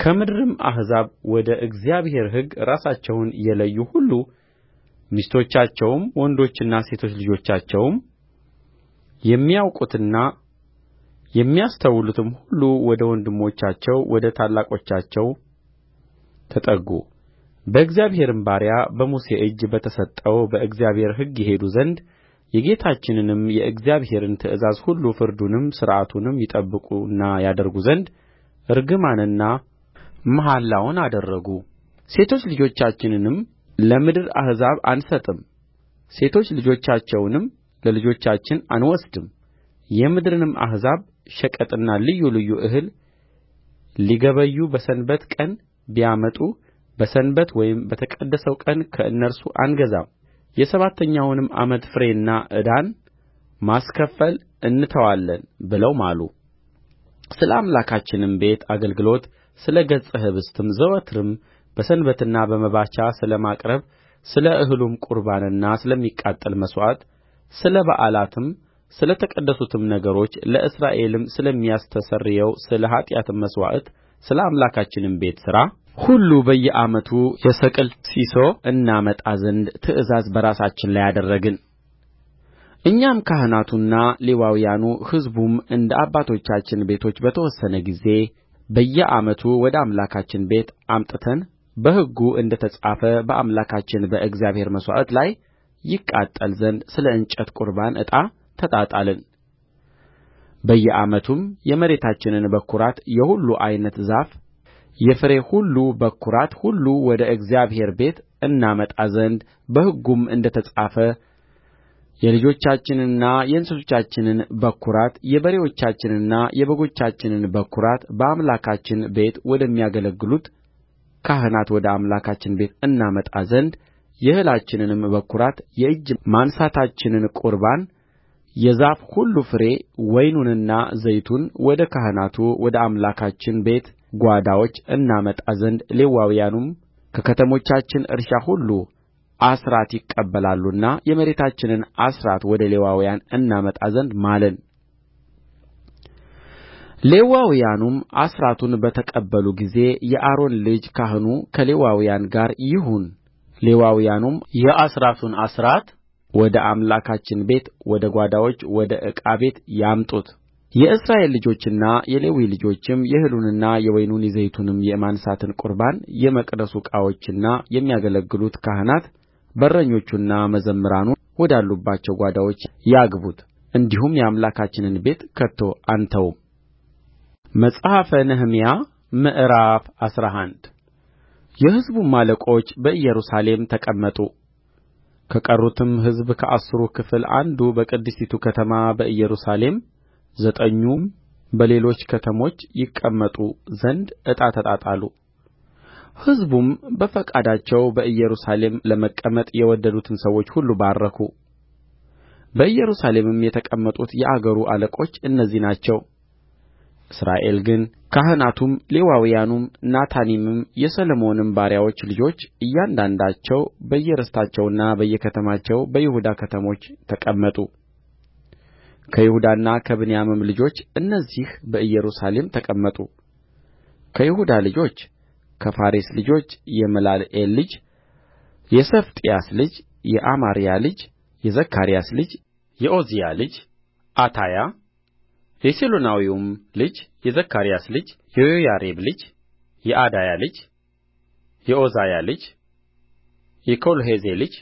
ከምድርም አሕዛብ ወደ እግዚአብሔር ሕግ ራሳቸውን የለዩ ሁሉ ሚስቶቻቸውም ወንዶችና ሴቶች ልጆቻቸውም የሚያውቁትና የሚያስተውሉትም ሁሉ ወደ ወንድሞቻቸው ወደ ታላላቆቻቸው ተጠጉ በእግዚአብሔርም ባሪያ በሙሴ እጅ በተሰጠው በእግዚአብሔር ሕግ ይሄዱ ዘንድ የጌታችንንም የእግዚአብሔርን ትእዛዝ ሁሉ ፍርዱንም ሥርዓቱንም ይጠብቁና ያደርጉ ዘንድ እርግማንና መሐላውን አደረጉ። ሴቶች ልጆቻችንንም ለምድር አሕዛብ አንሰጥም፣ ሴቶች ልጆቻቸውንም ለልጆቻችን አንወስድም። የምድርንም አሕዛብ ሸቀጥና ልዩ ልዩ እህል ሊገበዩ በሰንበት ቀን ቢያመጡ በሰንበት ወይም በተቀደሰው ቀን ከእነርሱ አንገዛም የሰባተኛውንም ዓመት ፍሬና ዕዳን ማስከፈል እንተዋለን ብለው ማሉ። ስለ አምላካችንም ቤት አገልግሎት ስለ ገጸ ኅብስትም ዘወትርም በሰንበትና በመባቻ ስለ ማቅረብ ስለ እህሉም ቍርባንና ስለሚቃጠል መሥዋዕት ስለ በዓላትም ስለ ተቀደሱትም ነገሮች ለእስራኤልም ስለሚያስተሰርየው ስለ ኃጢአት መሥዋዕት ስለ አምላካችንም ቤት ሥራ ሁሉ በየዓመቱ የሰቅል ሢሶ እናመጣ ዘንድ ትእዛዝ በራሳችን ላይ አደረግን እኛም ካህናቱና ሌዋውያኑ ሕዝቡም እንደ አባቶቻችን ቤቶች በተወሰነ ጊዜ በየዓመቱ ወደ አምላካችን ቤት አምጥተን በሕጉ እንደ ተጻፈ በአምላካችን በእግዚአብሔር መሥዋዕት ላይ ይቃጠል ዘንድ ስለ እንጨት ቍርባን ዕጣ ተጣጣልን በየዓመቱም የመሬታችንን በኵራት የሁሉ ዓይነት ዛፍ የፍሬ ሁሉ በኵራት ሁሉ ወደ እግዚአብሔር ቤት እናመጣ ዘንድ በሕጉም እንደ ተጻፈ የልጆቻችንና የእንስሶቻችንን በኵራት የበሬዎቻችንና የበጎቻችንን በኵራት በአምላካችን ቤት ወደሚያገለግሉት ካህናት ወደ አምላካችን ቤት እናመጣ ዘንድ የእህላችንንም በኵራት የእጅ ማንሣታችንን ቁርባን የዛፍ ሁሉ ፍሬ ወይኑንና ዘይቱን ወደ ካህናቱ ወደ አምላካችን ቤት ጓዳዎች እናመጣ ዘንድ ሌዋውያኑም ከከተሞቻችን እርሻ ሁሉ አሥራት ይቀበላሉና የመሬታችንን አሥራት ወደ ሌዋውያን እናመጣ ዘንድ ማልን ሌዋውያኑም አሥራቱን በተቀበሉ ጊዜ የአሮን ልጅ ካህኑ ከሌዋውያን ጋር ይሁን ሌዋውያኑም የአሥራቱን አሥራት ወደ አምላካችን ቤት ወደ ጓዳዎች ወደ ዕቃ ቤት ያምጡት የእስራኤል ልጆችና የሌዊ ልጆችም የእህሉንና የወይኑን የዘይቱንም የማንሳትን ቍርባን የመቅደሱ ዕቃዎችና የሚያገለግሉት ካህናት በረኞቹና መዘምራኑ ወዳሉባቸው ጓዳዎች ያግቡት እንዲሁም የአምላካችንን ቤት ከቶ አንተውም መጽሐፈ ነህምያ ምዕራፍ አስራ አንድ የሕዝቡም አለቆች በኢየሩሳሌም ተቀመጡ ከቀሩትም ሕዝብ ከአሥሩ ክፍል አንዱ በቅድስቲቱ ከተማ በኢየሩሳሌም ዘጠኙም በሌሎች ከተሞች ይቀመጡ ዘንድ ዕጣ ተጣጣሉ ሕዝቡም በፈቃዳቸው በኢየሩሳሌም ለመቀመጥ የወደዱትን ሰዎች ሁሉ ባረኩ በኢየሩሳሌምም የተቀመጡት የአገሩ አለቆች እነዚህ ናቸው እስራኤል ግን ካህናቱም ሌዋውያኑም ናታኒምም የሰሎሞንም ባሪያዎች ልጆች እያንዳንዳቸው በየርስታቸውና በየከተማቸው በይሁዳ ከተሞች ተቀመጡ ከይሁዳና ከብንያምም ልጆች እነዚህ በኢየሩሳሌም ተቀመጡ ከይሁዳ ልጆች ከፋሬስ ልጆች የመላልኤል ልጅ የሰፋጥያስ ልጅ የአማርያ ልጅ የዘካርያስ ልጅ የዖዝያ ልጅ አታያ የሴሎናዊውም ልጅ የዘካርያስ ልጅ የዮያሪብ ልጅ የዓዳያ ልጅ የዖዛያ ልጅ የኮልሖዜ ልጅ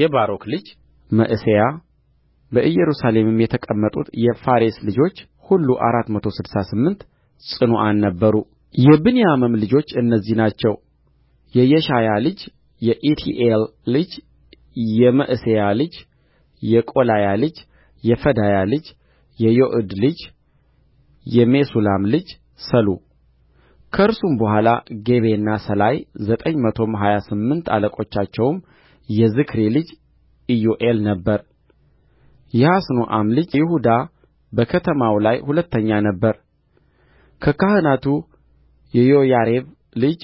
የባሮክ ልጅ መዕሤያ በኢየሩሳሌምም የተቀመጡት የፋሬስ ልጆች ሁሉ አራት መቶ ስድሳ ስምንት ጽኑዓን ነበሩ። የብንያምም ልጆች እነዚህ ናቸው። የየሻያ ልጅ የኢቲኤል ልጅ የመዕሤያ ልጅ የቆላያ ልጅ የፈዳያ ልጅ የዮእድ ልጅ የሜሱላም ልጅ ሰሉ ከእርሱም በኋላ ጌቤና ሰላይ ዘጠኝ መቶም ሀያ ስምንት አለቆቻቸውም የዝክሪ ልጅ ኢዮኤል ነበረ የሐስኑአም ልጅ ይሁዳ በከተማው ላይ ሁለተኛ ነበረ ከካህናቱ የዮያሪብ ልጅ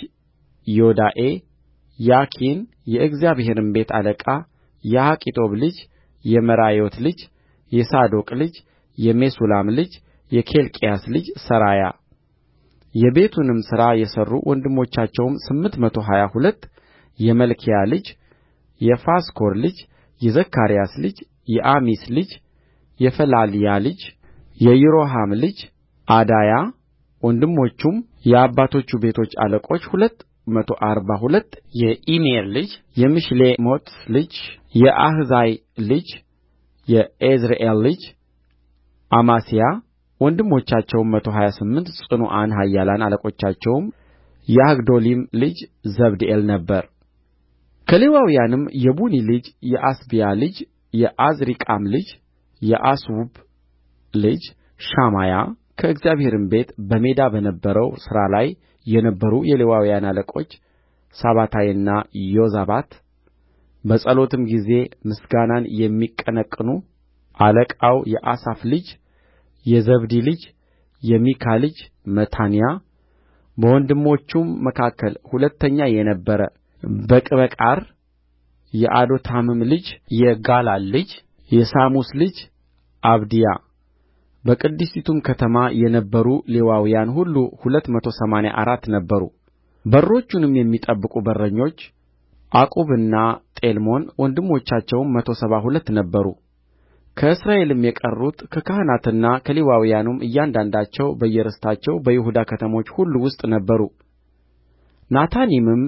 ዮዳኤ ያኪን የእግዚአብሔርም ቤት አለቃ የአኪጦብ ልጅ የመራዮት ልጅ የሳዶቅ ልጅ የሜሱላም ልጅ የኬልቅያስ ልጅ ሠራያ የቤቱንም ሥራ የሠሩ ወንድሞቻቸውም ስምንት መቶ ሀያ ሁለት የመልክያ ልጅ የፋስኮር ልጅ የዘካርያስ ልጅ የአሚስ ልጅ የፈላልያ ልጅ የይሮሐም ልጅ ዓዳያ ወንድሞቹም የአባቶቹ ቤቶች አለቆች ሁለት መቶ አርባ ሁለት የኢሜር ልጅ የምሺሌሞት ልጅ የአሕዛይ ልጅ የኤዝርኤል ልጅ አማስያ ወንድሞቻቸውም መቶ ሀያ ስምንት ጽኑዓን ኃያላን አለቆቻቸውም የሐግዶሊም ልጅ ዘብድኤል ነበረ ከሌዋውያንም የቡኒ ልጅ የአሳብያ ልጅ የዓዝሪቃም ልጅ የአሱብ ልጅ ሻማያ ከእግዚአብሔርም ቤት በሜዳ በነበረው ሥራ ላይ የነበሩ የሌዋውያን አለቆች ሳባታይና ዮዛባት በጸሎትም ጊዜ ምስጋናን የሚቀነቅኑ አለቃው የአሳፍ ልጅ የዘብዲ ልጅ የሚካ ልጅ መታንያ በወንድሞቹም መካከል ሁለተኛ የነበረ በቅበቃር የኤዶታምም ልጅ የጋላል ልጅ የሳሙስ ልጅ አብድያ በቅድስቲቱም ከተማ የነበሩ ሌዋውያን ሁሉ ሁለት መቶ ሰማንያ አራት ነበሩ በሮቹንም የሚጠብቁ በረኞች ዓቁብና ጤልሞን ወንድሞቻቸውም መቶ ሰባ ሁለት ነበሩ ከእስራኤልም የቀሩት ከካህናትና ከሌዋውያኑም እያንዳንዳቸው በየርስታቸው በይሁዳ ከተሞች ሁሉ ውስጥ ነበሩ ናታኒምም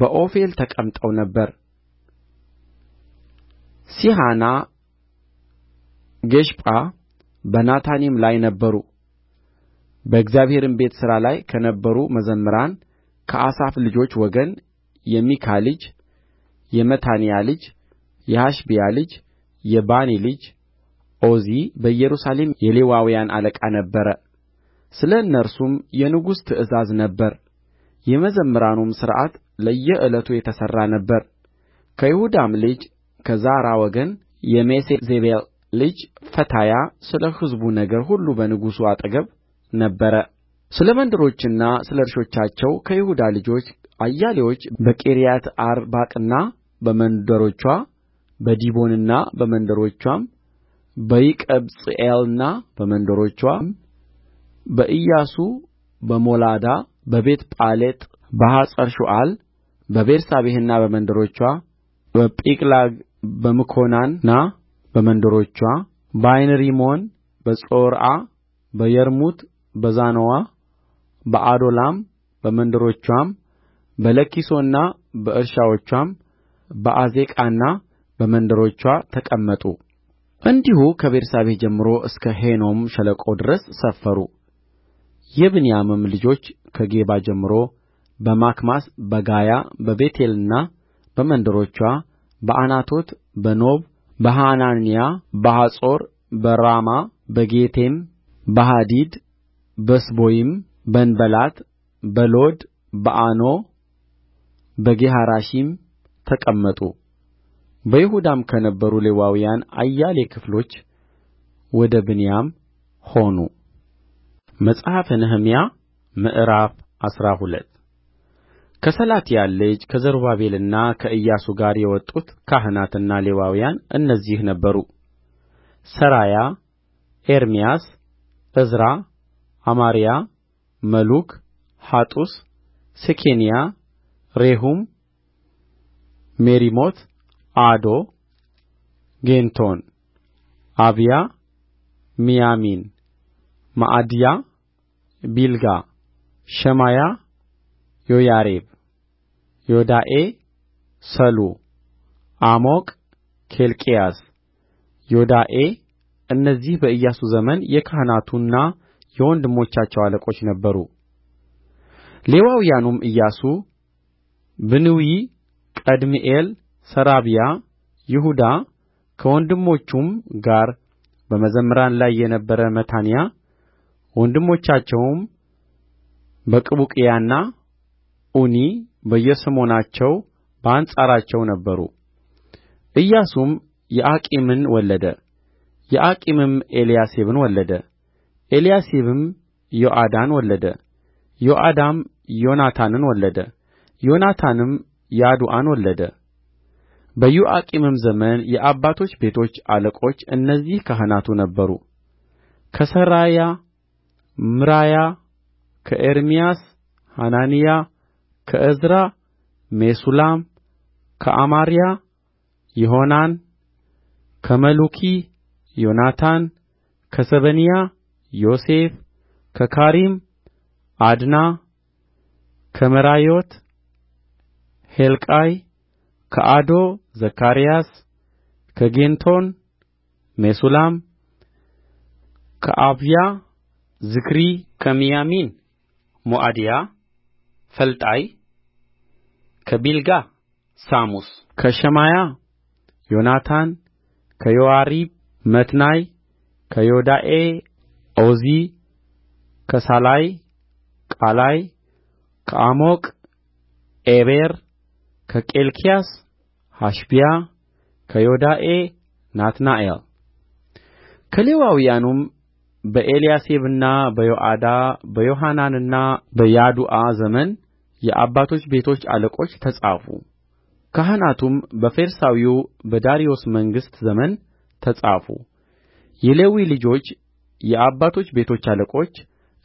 በዖፌል ተቀምጠው ነበር ሲሐና ጊሽጳ በናታኒም ላይ ነበሩ በእግዚአብሔርም ቤት ሥራ ላይ ከነበሩ መዘምራን ከአሳፍ ልጆች ወገን የሚካ ልጅ የመታንያ ልጅ የሐሸቢያ ልጅ የባኒ ልጅ ኦዚ በኢየሩሳሌም የሌዋውያን አለቃ ነበረ ስለ እነርሱም የንጉሥ ትእዛዝ ነበረ የመዘምራኑም ሥርዓት ለየዕለቱ የተሠራ ነበረ ከይሁዳም ልጅ ከዛራ ወገን የሜሴዜቤል ልጅ ፈታያ ስለ ሕዝቡ ነገር ሁሉ በንጉሡ አጠገብ ነበረ ስለ መንደሮችና ስለ እርሾቻቸው ከይሁዳ ልጆች አያሌዎች በቂርያትአርባቅና በመንደሮችዋ በዲቦንና በመንደሮችዋም በይቀብጽኤልና በመንደሮችዋም በኢያሱ በሞላዳ በቤትጳሌጥ በሐጸርሹዓል በቤርሳቤህና በመንደሮችዋ በጺቅላግ በምኮናና በመንደሮችዋ በዓይንሪሞን በጾርዓ በየርሙት በዛኖዋ በአዶላም በመንደሮችዋም በለኪሶና በእርሻዎችዋም በዓዜቃና በመንደሮችዋ ተቀመጡ እንዲሁ ከቤርሳቤህ ጀምሮ እስከ ሄኖም ሸለቆ ድረስ ሰፈሩ የብንያምም ልጆች ከጌባ ጀምሮ በማክማስ በጋያ በቤቴልና በመንደሮችዋ በዓናቶት በኖብ በሐናንያ በሐጾር በራማ በጌቴም በሐዲድ በስቦይም በንበላት በሎድ በኦኖ በጌሃራሺም ተቀመጡ በይሁዳም ከነበሩ ሌዋውያን አያሌ ክፍሎች ወደ ብንያም ሆኑ መጽሐፈ ነህምያ ምዕራፍ አስራ ሁለት ከሰላትያል ልጅ ከዘሩባቤልና ከኢያሱ ጋር የወጡት ካህናትና ሌዋውያን እነዚህ ነበሩ ሠራያ ኤርምያስ ዕዝራ አማርያ መሉክ ሐጡስ ሴኬንያ ሬሁም ሜሪሞት አዶ ጌንቶን አብያ ሚያሚን መዓድያ ቢልጋ ሸማያ ዮያሪብ ዮዳኤ ሰሉ ዓሞቅ ኬልቅያስ ዮዳኤ እነዚህ በኢያሱ ዘመን የካህናቱና የወንድሞቻቸው አለቆች ነበሩ ሌዋውያኑም ኢያሱ ቢንዊ ቀድምኤል ሰራብያ ይሁዳ ከወንድሞቹም ጋር በመዘምራን ላይ የነበረ መታንያ ወንድሞቻቸውም በቅቡቅያና ዑኒ በየሰሞናቸው በአንጻራቸው ነበሩ። ኢያሱም ዮአቂምን ወለደ። ዮአቂምም ኤልያሴብን ወለደ። ኤልያሴብም ዮአዳን ወለደ። ዮአዳም ዮናታንን ወለደ። ዮናታንም ያዱአን ወለደ። በዮአቂምም ዘመን የአባቶች ቤቶች አለቆች እነዚህ ካህናቱ ነበሩ ከሠራያ ምራያ ከኤርምያስ ሐናንያ ከዕዝራ ሜሱላም ከአማርያ ይሆሐናን ከመሉኪ ዮናታን ከሰበንያ ዮሴፍ ከካሪም ዓድና ከመራዮት ሔልቃይ ከአዶ ዘካርያስ ከጌንቶን ሜሱላም ከአብያ ዝክሪ ከሚያሚን ሞዓድያ ፈልጣይ ከቢልጋ ሳሙስ ከሸማያ ዮናታን ከዮያሪብ መትናይ ከዮዳኤ ኦዚ ከሳላይ ቃላይ ከዓሞቅ ዔቤር ከኬልቅያስ ሐሸብያ ከዮዳኤ ናትናኤል ከሌዋውያኑም በኤልያሴብና በዮአዳ በዮሐናንና በያዱአ ዘመን የአባቶች ቤቶች አለቆች ተጻፉ ካህናቱም በፋርሳዊው በዳርዮስ መንግሥት ዘመን ተጻፉ የሌዊ ልጆች የአባቶች ቤቶች አለቆች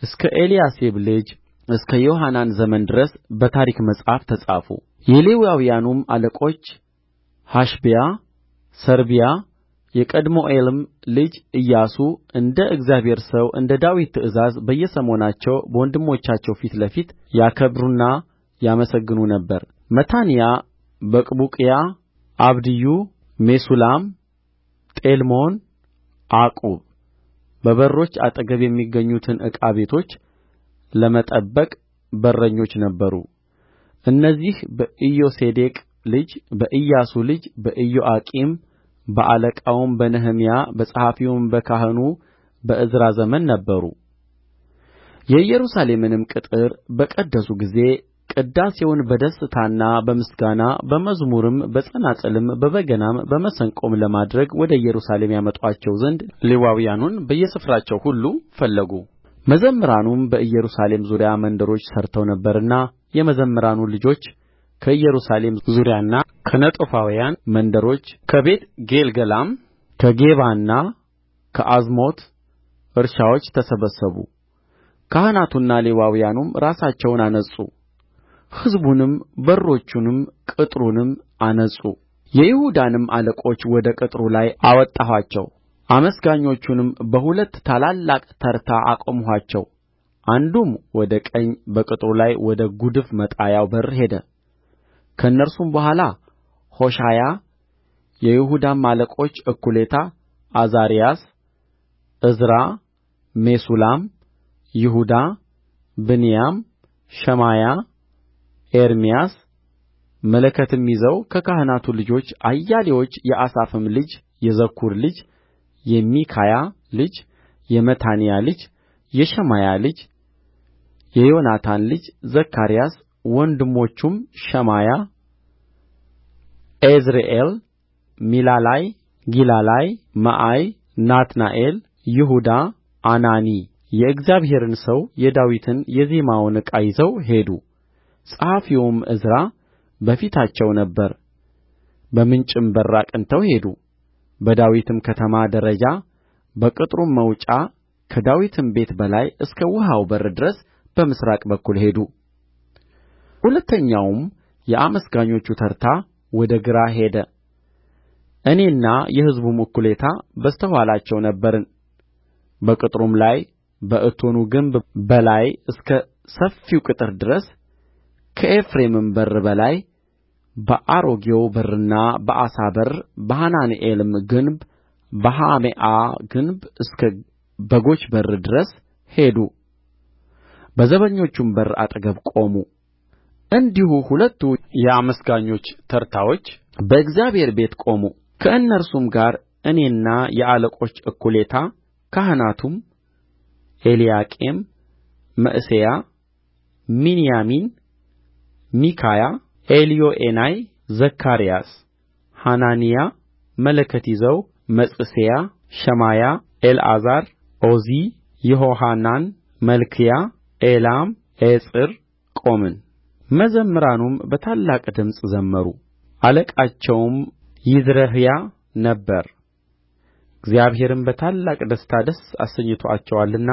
እስከ ኤልያሴብ ልጅ እስከ ዮሐናን ዘመን ድረስ በታሪክ መጽሐፍ ተጻፉ የሌዋውያኑም አለቆች ሐሸብያ ሰራብያ የቀድምኤልም ልጅ ኢያሱ እንደ እግዚአብሔር ሰው እንደ ዳዊት ትእዛዝ በየሰሞናቸው በወንድሞቻቸው ፊት ለፊት ያከብሩና ያመሰግኑ ነበር መታንያ በቅቡቅያ አብድዩ ሜሱላም ጤልሞን ዓቁብ በበሮች አጠገብ የሚገኙትን ዕቃ ቤቶች ለመጠበቅ በረኞች ነበሩ እነዚህ በኢዮሴዴቅ ልጅ በኢያሱ ልጅ በኢዮአቂም በአለቃውም በነህምያ በጸሐፊውም በካህኑ በዕዝራ ዘመን ነበሩ። የኢየሩሳሌምንም ቅጥር በቀደሱ ጊዜ ቅዳሴውን በደስታና በምስጋና በመዝሙርም በጸናጽልም በበገናም በመሰንቆም ለማድረግ ወደ ኢየሩሳሌም ያመጡአቸው ዘንድ ሌዋውያኑን በየስፍራቸው ሁሉ ፈለጉ። መዘምራኑም በኢየሩሳሌም ዙሪያ መንደሮች ሠርተው ነበርና የመዘምራኑ ልጆች ከኢየሩሳሌም ዙሪያና ከነጦፋውያን መንደሮች ከቤት ጌልገላም ከጌባና ከዓዝሞት እርሻዎች ተሰበሰቡ ካህናቱና ሌዋውያኑም ራሳቸውን አነጹ ሕዝቡንም በሮቹንም ቅጥሩንም አነጹ የይሁዳንም አለቆች ወደ ቅጥሩ ላይ አወጣኋቸው አመስጋኞቹንም በሁለት ታላላቅ ተርታ አቆምኋቸው አንዱም ወደ ቀኝ በቅጥሩ ላይ ወደ ጕድፍ መጣያው በር ሄደ ከእነርሱም በኋላ ሆሻያ የይሁዳም አለቆች እኩሌታ ዓዛርያስ ዕዝራ ሜሱላም ይሁዳ ብንያም ሸማያ ኤርምያስ መለከትም ይዘው ከካህናቱ ልጆች አያሌዎች የአሳፍም ልጅ የዘኩር ልጅ የሚካያ ልጅ የመታንያ ልጅ የሸማያ ልጅ የዮናታን ልጅ ዘካርያስ ወንድሞቹም ሸማያ ኤዝርኤል ሚላላይ ጊላላይ መዓይ ናትናኤል ይሁዳ አናኒ የእግዚአብሔርን ሰው የዳዊትን የዜማውን ዕቃ ይዘው ሄዱ ጸሐፊውም ዕዝራ በፊታቸው ነበረ በምንጭም በር አቅንተው ሄዱ በዳዊትም ከተማ ደረጃ በቅጥሩም መውጫ ከዳዊትም ቤት በላይ እስከ ውኃው በር ድረስ በምሥራቅ በኩል ሄዱ ሁለተኛውም የአመስጋኞቹ ተርታ ወደ ግራ ሄደ እኔና የሕዝቡም እኵሌታ በስተ ኋላቸው ነበርን በቅጥሩም ላይ በእቶኑ ግንብ በላይ እስከ ሰፊው ቅጥር ድረስ ከኤፍሬምም በር በላይ በአሮጌው በርና በዓሣ በር በሐናንኤልም ግንብ በሐሜአ ግንብ እስከ በጎች በር ድረስ ሄዱ በዘበኞቹም በር አጠገብ ቆሙ እንዲሁ ሁለቱ የአመስጋኞች ተርታዎች በእግዚአብሔር ቤት ቆሙ ከእነርሱም ጋር እኔና የአለቆች እኩሌታ ካህናቱም ኤልያቄም መዕሤያ ሚንያሚን ሚካያ ኤልዮዔናይ ዘካርያስ ሐናንያ መለከት ይዘው መጽሤያ፣ ሸማያ ኤልዓዛር ኦዚ ይሆሐናን መልክያ ኤላም ኤጽር ቆምን መዘምራኑም በታላቅ ድምፅ ዘመሩ አለቃቸውም ይዝረሕያ ነበረ እግዚአብሔርም በታላቅ ደስታ ደስ አሰኝቶአቸዋልና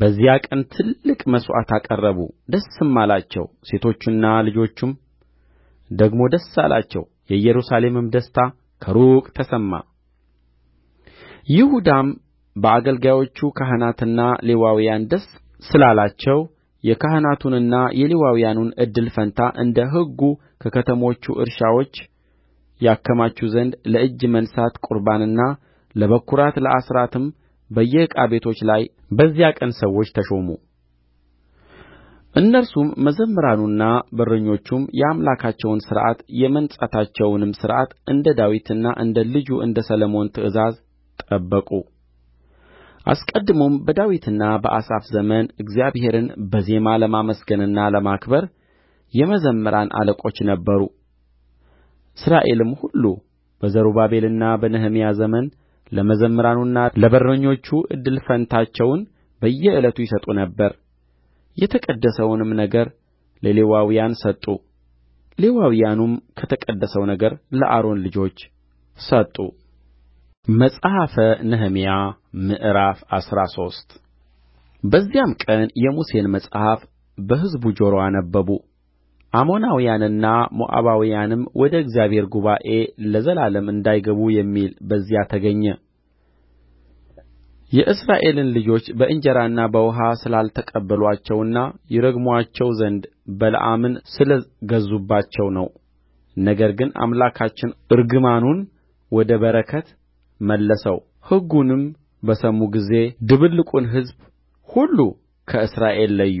በዚያ ቀን ትልቅ መሥዋዕት አቀረቡ ደስም አላቸው ሴቶቹና ልጆቹም ደግሞ ደስ አላቸው የኢየሩሳሌምም ደስታ ከሩቅ ተሰማ ይሁዳም በአገልጋዮቹ ካህናትና ሌዋውያን ደስ ስላላቸው የካህናቱንና የሌዋውያኑን እድል ፈንታ እንደ ሕጉ ከከተሞቹ እርሻዎች ያከማቹ ዘንድ ለእጅ ማንሣት ቍርባንና ለበኵራት ለአሥራትም በየዕቃ ቤቶቹ ላይ በዚያ ቀን ሰዎች ተሾሙ እነርሱም መዘምራኑና በረኞቹም የአምላካቸውን ሥርዓት የመንጻታቸውንም ሥርዓት እንደ ዳዊትና እንደ ልጁ እንደ ሰሎሞን ትእዛዝ ጠበቁ አስቀድሞም በዳዊትና በአሳፍ ዘመን እግዚአብሔርን በዜማ ለማመስገንና ለማክበር የመዘምራን አለቆች ነበሩ እስራኤልም ሁሉ በዘሩባቤልና በነህምያ ዘመን ለመዘምራኑና ለበረኞቹ እድል ፈንታቸውን በየዕለቱ ይሰጡ ነበር የተቀደሰውንም ነገር ለሌዋውያን ሰጡ ሌዋውያኑም ከተቀደሰው ነገር ለአሮን ልጆች ሰጡ መጽሐፈ ነህምያ ምዕራፍ አስራ ሶስት በዚያም ቀን የሙሴን መጽሐፍ በሕዝቡ ጆሮ አነበቡ። አሞናውያንና ሞዓባውያንም ወደ እግዚአብሔር ጉባኤ ለዘላለም እንዳይገቡ የሚል በዚያ ተገኘ። የእስራኤልን ልጆች በእንጀራና በውኃ ስላልተቀበሏቸውና ይረግሟቸው ዘንድ በለዓምን ስለ ገዙባቸው ነው። ነገር ግን አምላካችን እርግማኑን ወደ በረከት መለሰው፣ ሕጉንም በሰሙ ጊዜ ድብልቁን ሕዝብ ሁሉ ከእስራኤል ለዩ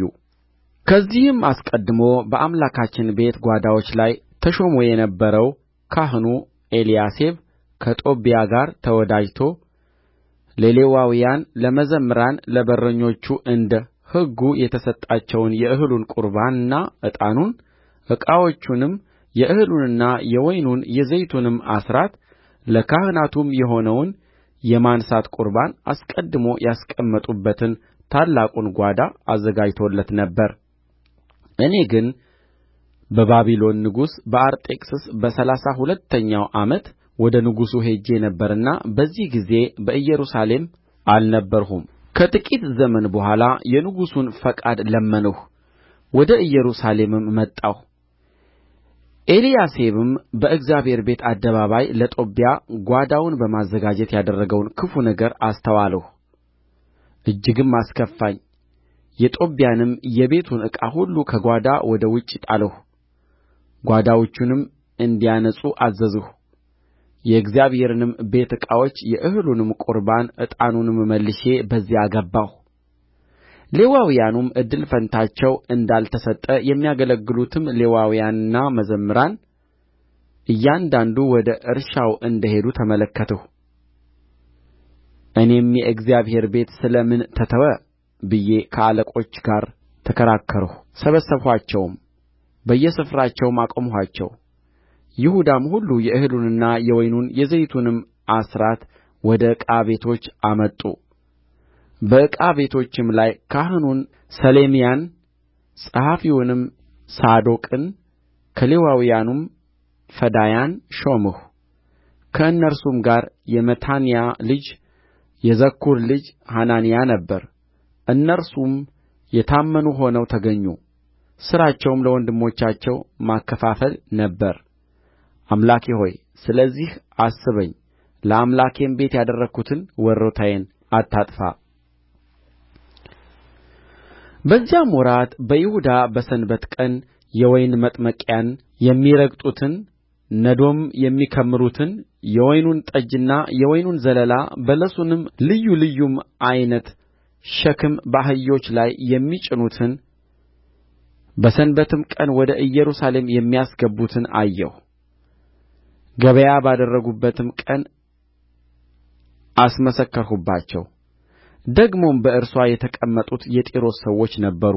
ከዚህም አስቀድሞ በአምላካችን ቤት ጓዳዎች ላይ ተሾሞ የነበረው ካህኑ ኤልያሴብ ከጦብያ ጋር ተወዳጅቶ ለሌዋውያን ለመዘምራን ለበረኞቹ እንደ ሕጉ የተሰጣቸውን የእህሉን ቍርባንና ዕጣኑን ዕቃዎቹንም የእህሉንና የወይኑን የዘይቱንም አሥራት ለካህናቱም የሆነውን የማንሣት ቍርባን አስቀድሞ ያስቀመጡበትን ታላቁን ጓዳ አዘጋጅቶለት ነበር እኔ ግን በባቢሎን ንጉሥ በአርጤክስስ በሠላሳ ሁለተኛው ዓመት ወደ ንጉሡ ሄጄ ነበርና በዚህ ጊዜ በኢየሩሳሌም አልነበርሁም ከጥቂት ዘመን በኋላ የንጉሡን ፈቃድ ለመንሁ ወደ ኢየሩሳሌምም መጣሁ ኤልያሴብም በእግዚአብሔር ቤት አደባባይ ለጦብያ ጓዳውን በማዘጋጀት ያደረገውን ክፉ ነገር አስተዋልሁ እጅግም አስከፋኝ የጦብያንም የቤቱን ዕቃ ሁሉ ከጓዳ ወደ ውጭ ጣልሁ ጓዳዎቹንም እንዲያነጹ አዘዝሁ የእግዚአብሔርንም ቤት ዕቃዎች የእህሉንም ቍርባን ዕጣኑንም መልሼ በዚያ አገባሁ ሌዋውያኑም እድል ፈንታቸው እንዳልተሰጠ የሚያገለግሉትም ሌዋውያንና መዘምራን እያንዳንዱ ወደ እርሻው እንደ ሄዱ ተመለከትሁ እኔም የእግዚአብሔር ቤት ስለ ምን ተተወ ብዬ ከአለቆች ጋር ተከራከርሁ ሰበሰብኋቸውም በየስፍራቸውም አቆምኋቸው ይሁዳም ሁሉ የእህሉንና የወይኑን የዘይቱንም አሥራት ወደ ዕቃ ቤቶች አመጡ በዕቃ ቤቶችም ላይ ካህኑን ሰሌምያን ጸሐፊውንም ሳዶቅን ከሌዋውያኑም ፈዳያን ሾምሁ ከእነርሱም ጋር የመታንያ ልጅ የዘኩር ልጅ ሐናንያ ነበር። እነርሱም የታመኑ ሆነው ተገኙ። ሥራቸውም ለወንድሞቻቸው ማከፋፈል ነበር። አምላኬ ሆይ ስለዚህ አስበኝ፣ ለአምላኬም ቤት ያደረግሁትን ወሮታዬን አታጥፋ በዚያም ወራት በይሁዳ በሰንበት ቀን የወይን መጥመቂያን የሚረግጡትን ነዶም የሚከምሩትን የወይኑን ጠጅና የወይኑን ዘለላ በለሱንም ልዩ ልዩም ዓይነት ሸክም በአህዮች ላይ የሚጭኑትን በሰንበትም ቀን ወደ ኢየሩሳሌም የሚያስገቡትን አየሁ። ገበያ ባደረጉበትም ቀን አስመሰከርሁባቸው ደግሞም በእርስዋ የተቀመጡት የጢሮስ ሰዎች ነበሩ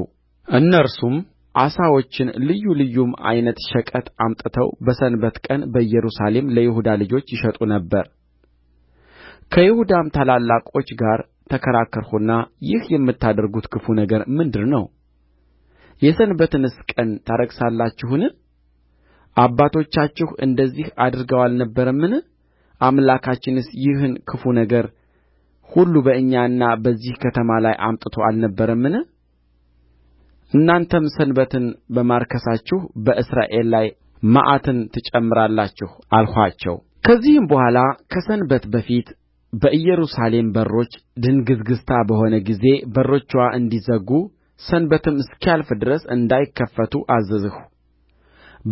እነርሱም ዓሣዎችን ልዩ ልዩም ዓይነት ሸቀጥ አምጥተው በሰንበት ቀን በኢየሩሳሌም ለይሁዳ ልጆች ይሸጡ ነበር ከይሁዳም ታላላቆች ጋር ተከራከርሁና ይህ የምታደርጉት ክፉ ነገር ምንድር ነው የሰንበትንስ ቀን ታረክሳላችሁን አባቶቻችሁ እንደዚህ አድርገው አልነበረምን አምላካችንስ ይህን ክፉ ነገር ሁሉ በእኛና በዚህ ከተማ ላይ አምጥቶ አልነበረምን እናንተም ሰንበትን በማርከሳችሁ በእስራኤል ላይ መዓትን ትጨምራላችሁ አልኋቸው ከዚህም በኋላ ከሰንበት በፊት በኢየሩሳሌም በሮች ድንግዝግዝታ በሆነ ጊዜ በሮችዋ እንዲዘጉ ሰንበትም እስኪያልፍ ድረስ እንዳይከፈቱ አዘዝሁ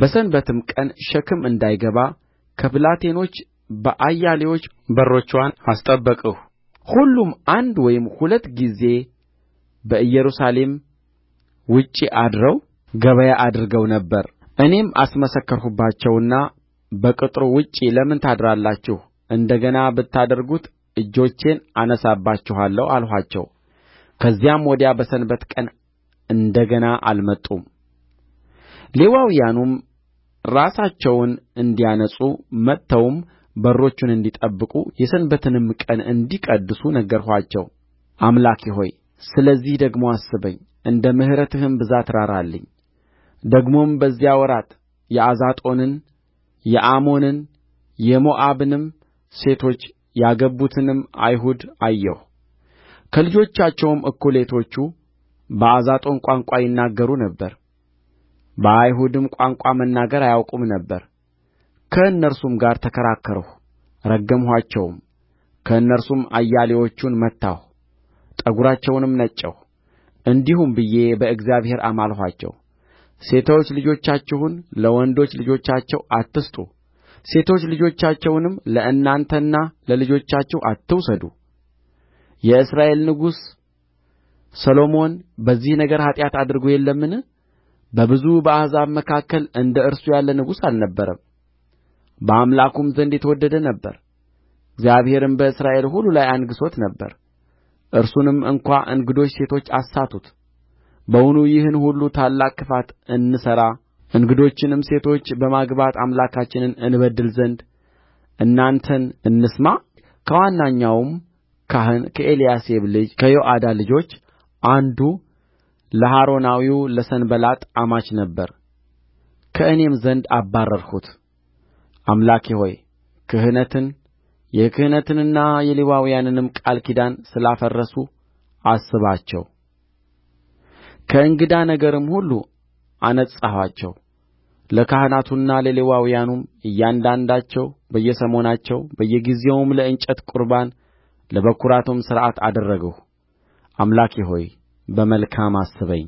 በሰንበትም ቀን ሸክም እንዳይገባ ከብላቴኖች በአያሌዎች በሮችዋን አስጠበቅሁ ሁሉም አንድ ወይም ሁለት ጊዜ በኢየሩሳሌም ውጭ አድረው ገበያ አድርገው ነበር እኔም አስመሰከርሁባቸውና በቅጥሩ ውጭ ለምን ታድራላችሁ እንደ ገና ብታደርጉት እጆቼን አነሣባችኋለሁ አልኋቸው ከዚያም ወዲያ በሰንበት ቀን እንደ ገና አልመጡም ሌዋውያኑም ራሳቸውን እንዲያነጹ መጥተውም በሮቹን እንዲጠብቁ የሰንበትንም ቀን እንዲቀድሱ ነገርኋቸው አምላኬ ሆይ ስለዚህ ደግሞ አስበኝ እንደ ምሕረትህም ብዛት ራራልኝ ደግሞም በዚያ ወራት የአዛጦንን የአሞንን የሞዓብንም ሴቶች ያገቡትንም አይሁድ አየሁ ከልጆቻቸውም እኵሌቶቹ በአዛጦን ቋንቋ ይናገሩ ነበር በአይሁድም ቋንቋ መናገር አያውቁም ነበር ከእነርሱም ጋር ተከራከርሁ ረገምኋቸውም። ከእነርሱም አያሌዎቹን መታሁ፣ ጠጉራቸውንም ነጨሁ። እንዲሁም ብዬ በእግዚአብሔር አማልኋቸው፣ ሴቶች ልጆቻችሁን ለወንዶች ልጆቻቸው አትስጡ፣ ሴቶች ልጆቻቸውንም ለእናንተና ለልጆቻችሁ አትውሰዱ። የእስራኤል ንጉሥ ሰሎሞን በዚህ ነገር ኀጢአት አድርጎ የለምን? በብዙ አሕዛብ መካከል እንደ እርሱ ያለ ንጉሥ አልነበረም። በአምላኩም ዘንድ የተወደደ ነበረ እግዚአብሔርም በእስራኤል ሁሉ ላይ አንግሦት ነበር እርሱንም እንኳ እንግዶች ሴቶች አሳቱት በውኑ ይህን ሁሉ ታላቅ ክፋት እንሠራ እንግዶችንም ሴቶች በማግባት አምላካችንን እንበድል ዘንድ እናንተን እንስማ ከዋነኛውም ካህን ከኤልያሴብ ልጅ ከዮአዳ ልጆች አንዱ ለሖሮናዊው ለሰንባላጥ አማች ነበረ ከእኔም ዘንድ አባረርሁት አምላኬ ሆይ ክህነትን የክህነትንና የሌዋውያንንም ቃል ኪዳን ስላፈረሱ አስባቸው ከእንግዳ ነገርም ሁሉ አነጻኋቸው። ለካህናቱና ለሌዋውያኑም እያንዳንዳቸው በየሰሞናቸው በየጊዜውም ለእንጨት ቁርባን ለበኵራቱም ሥርዓት አደረግሁ። አምላኬ ሆይ በመልካም አስበኝ።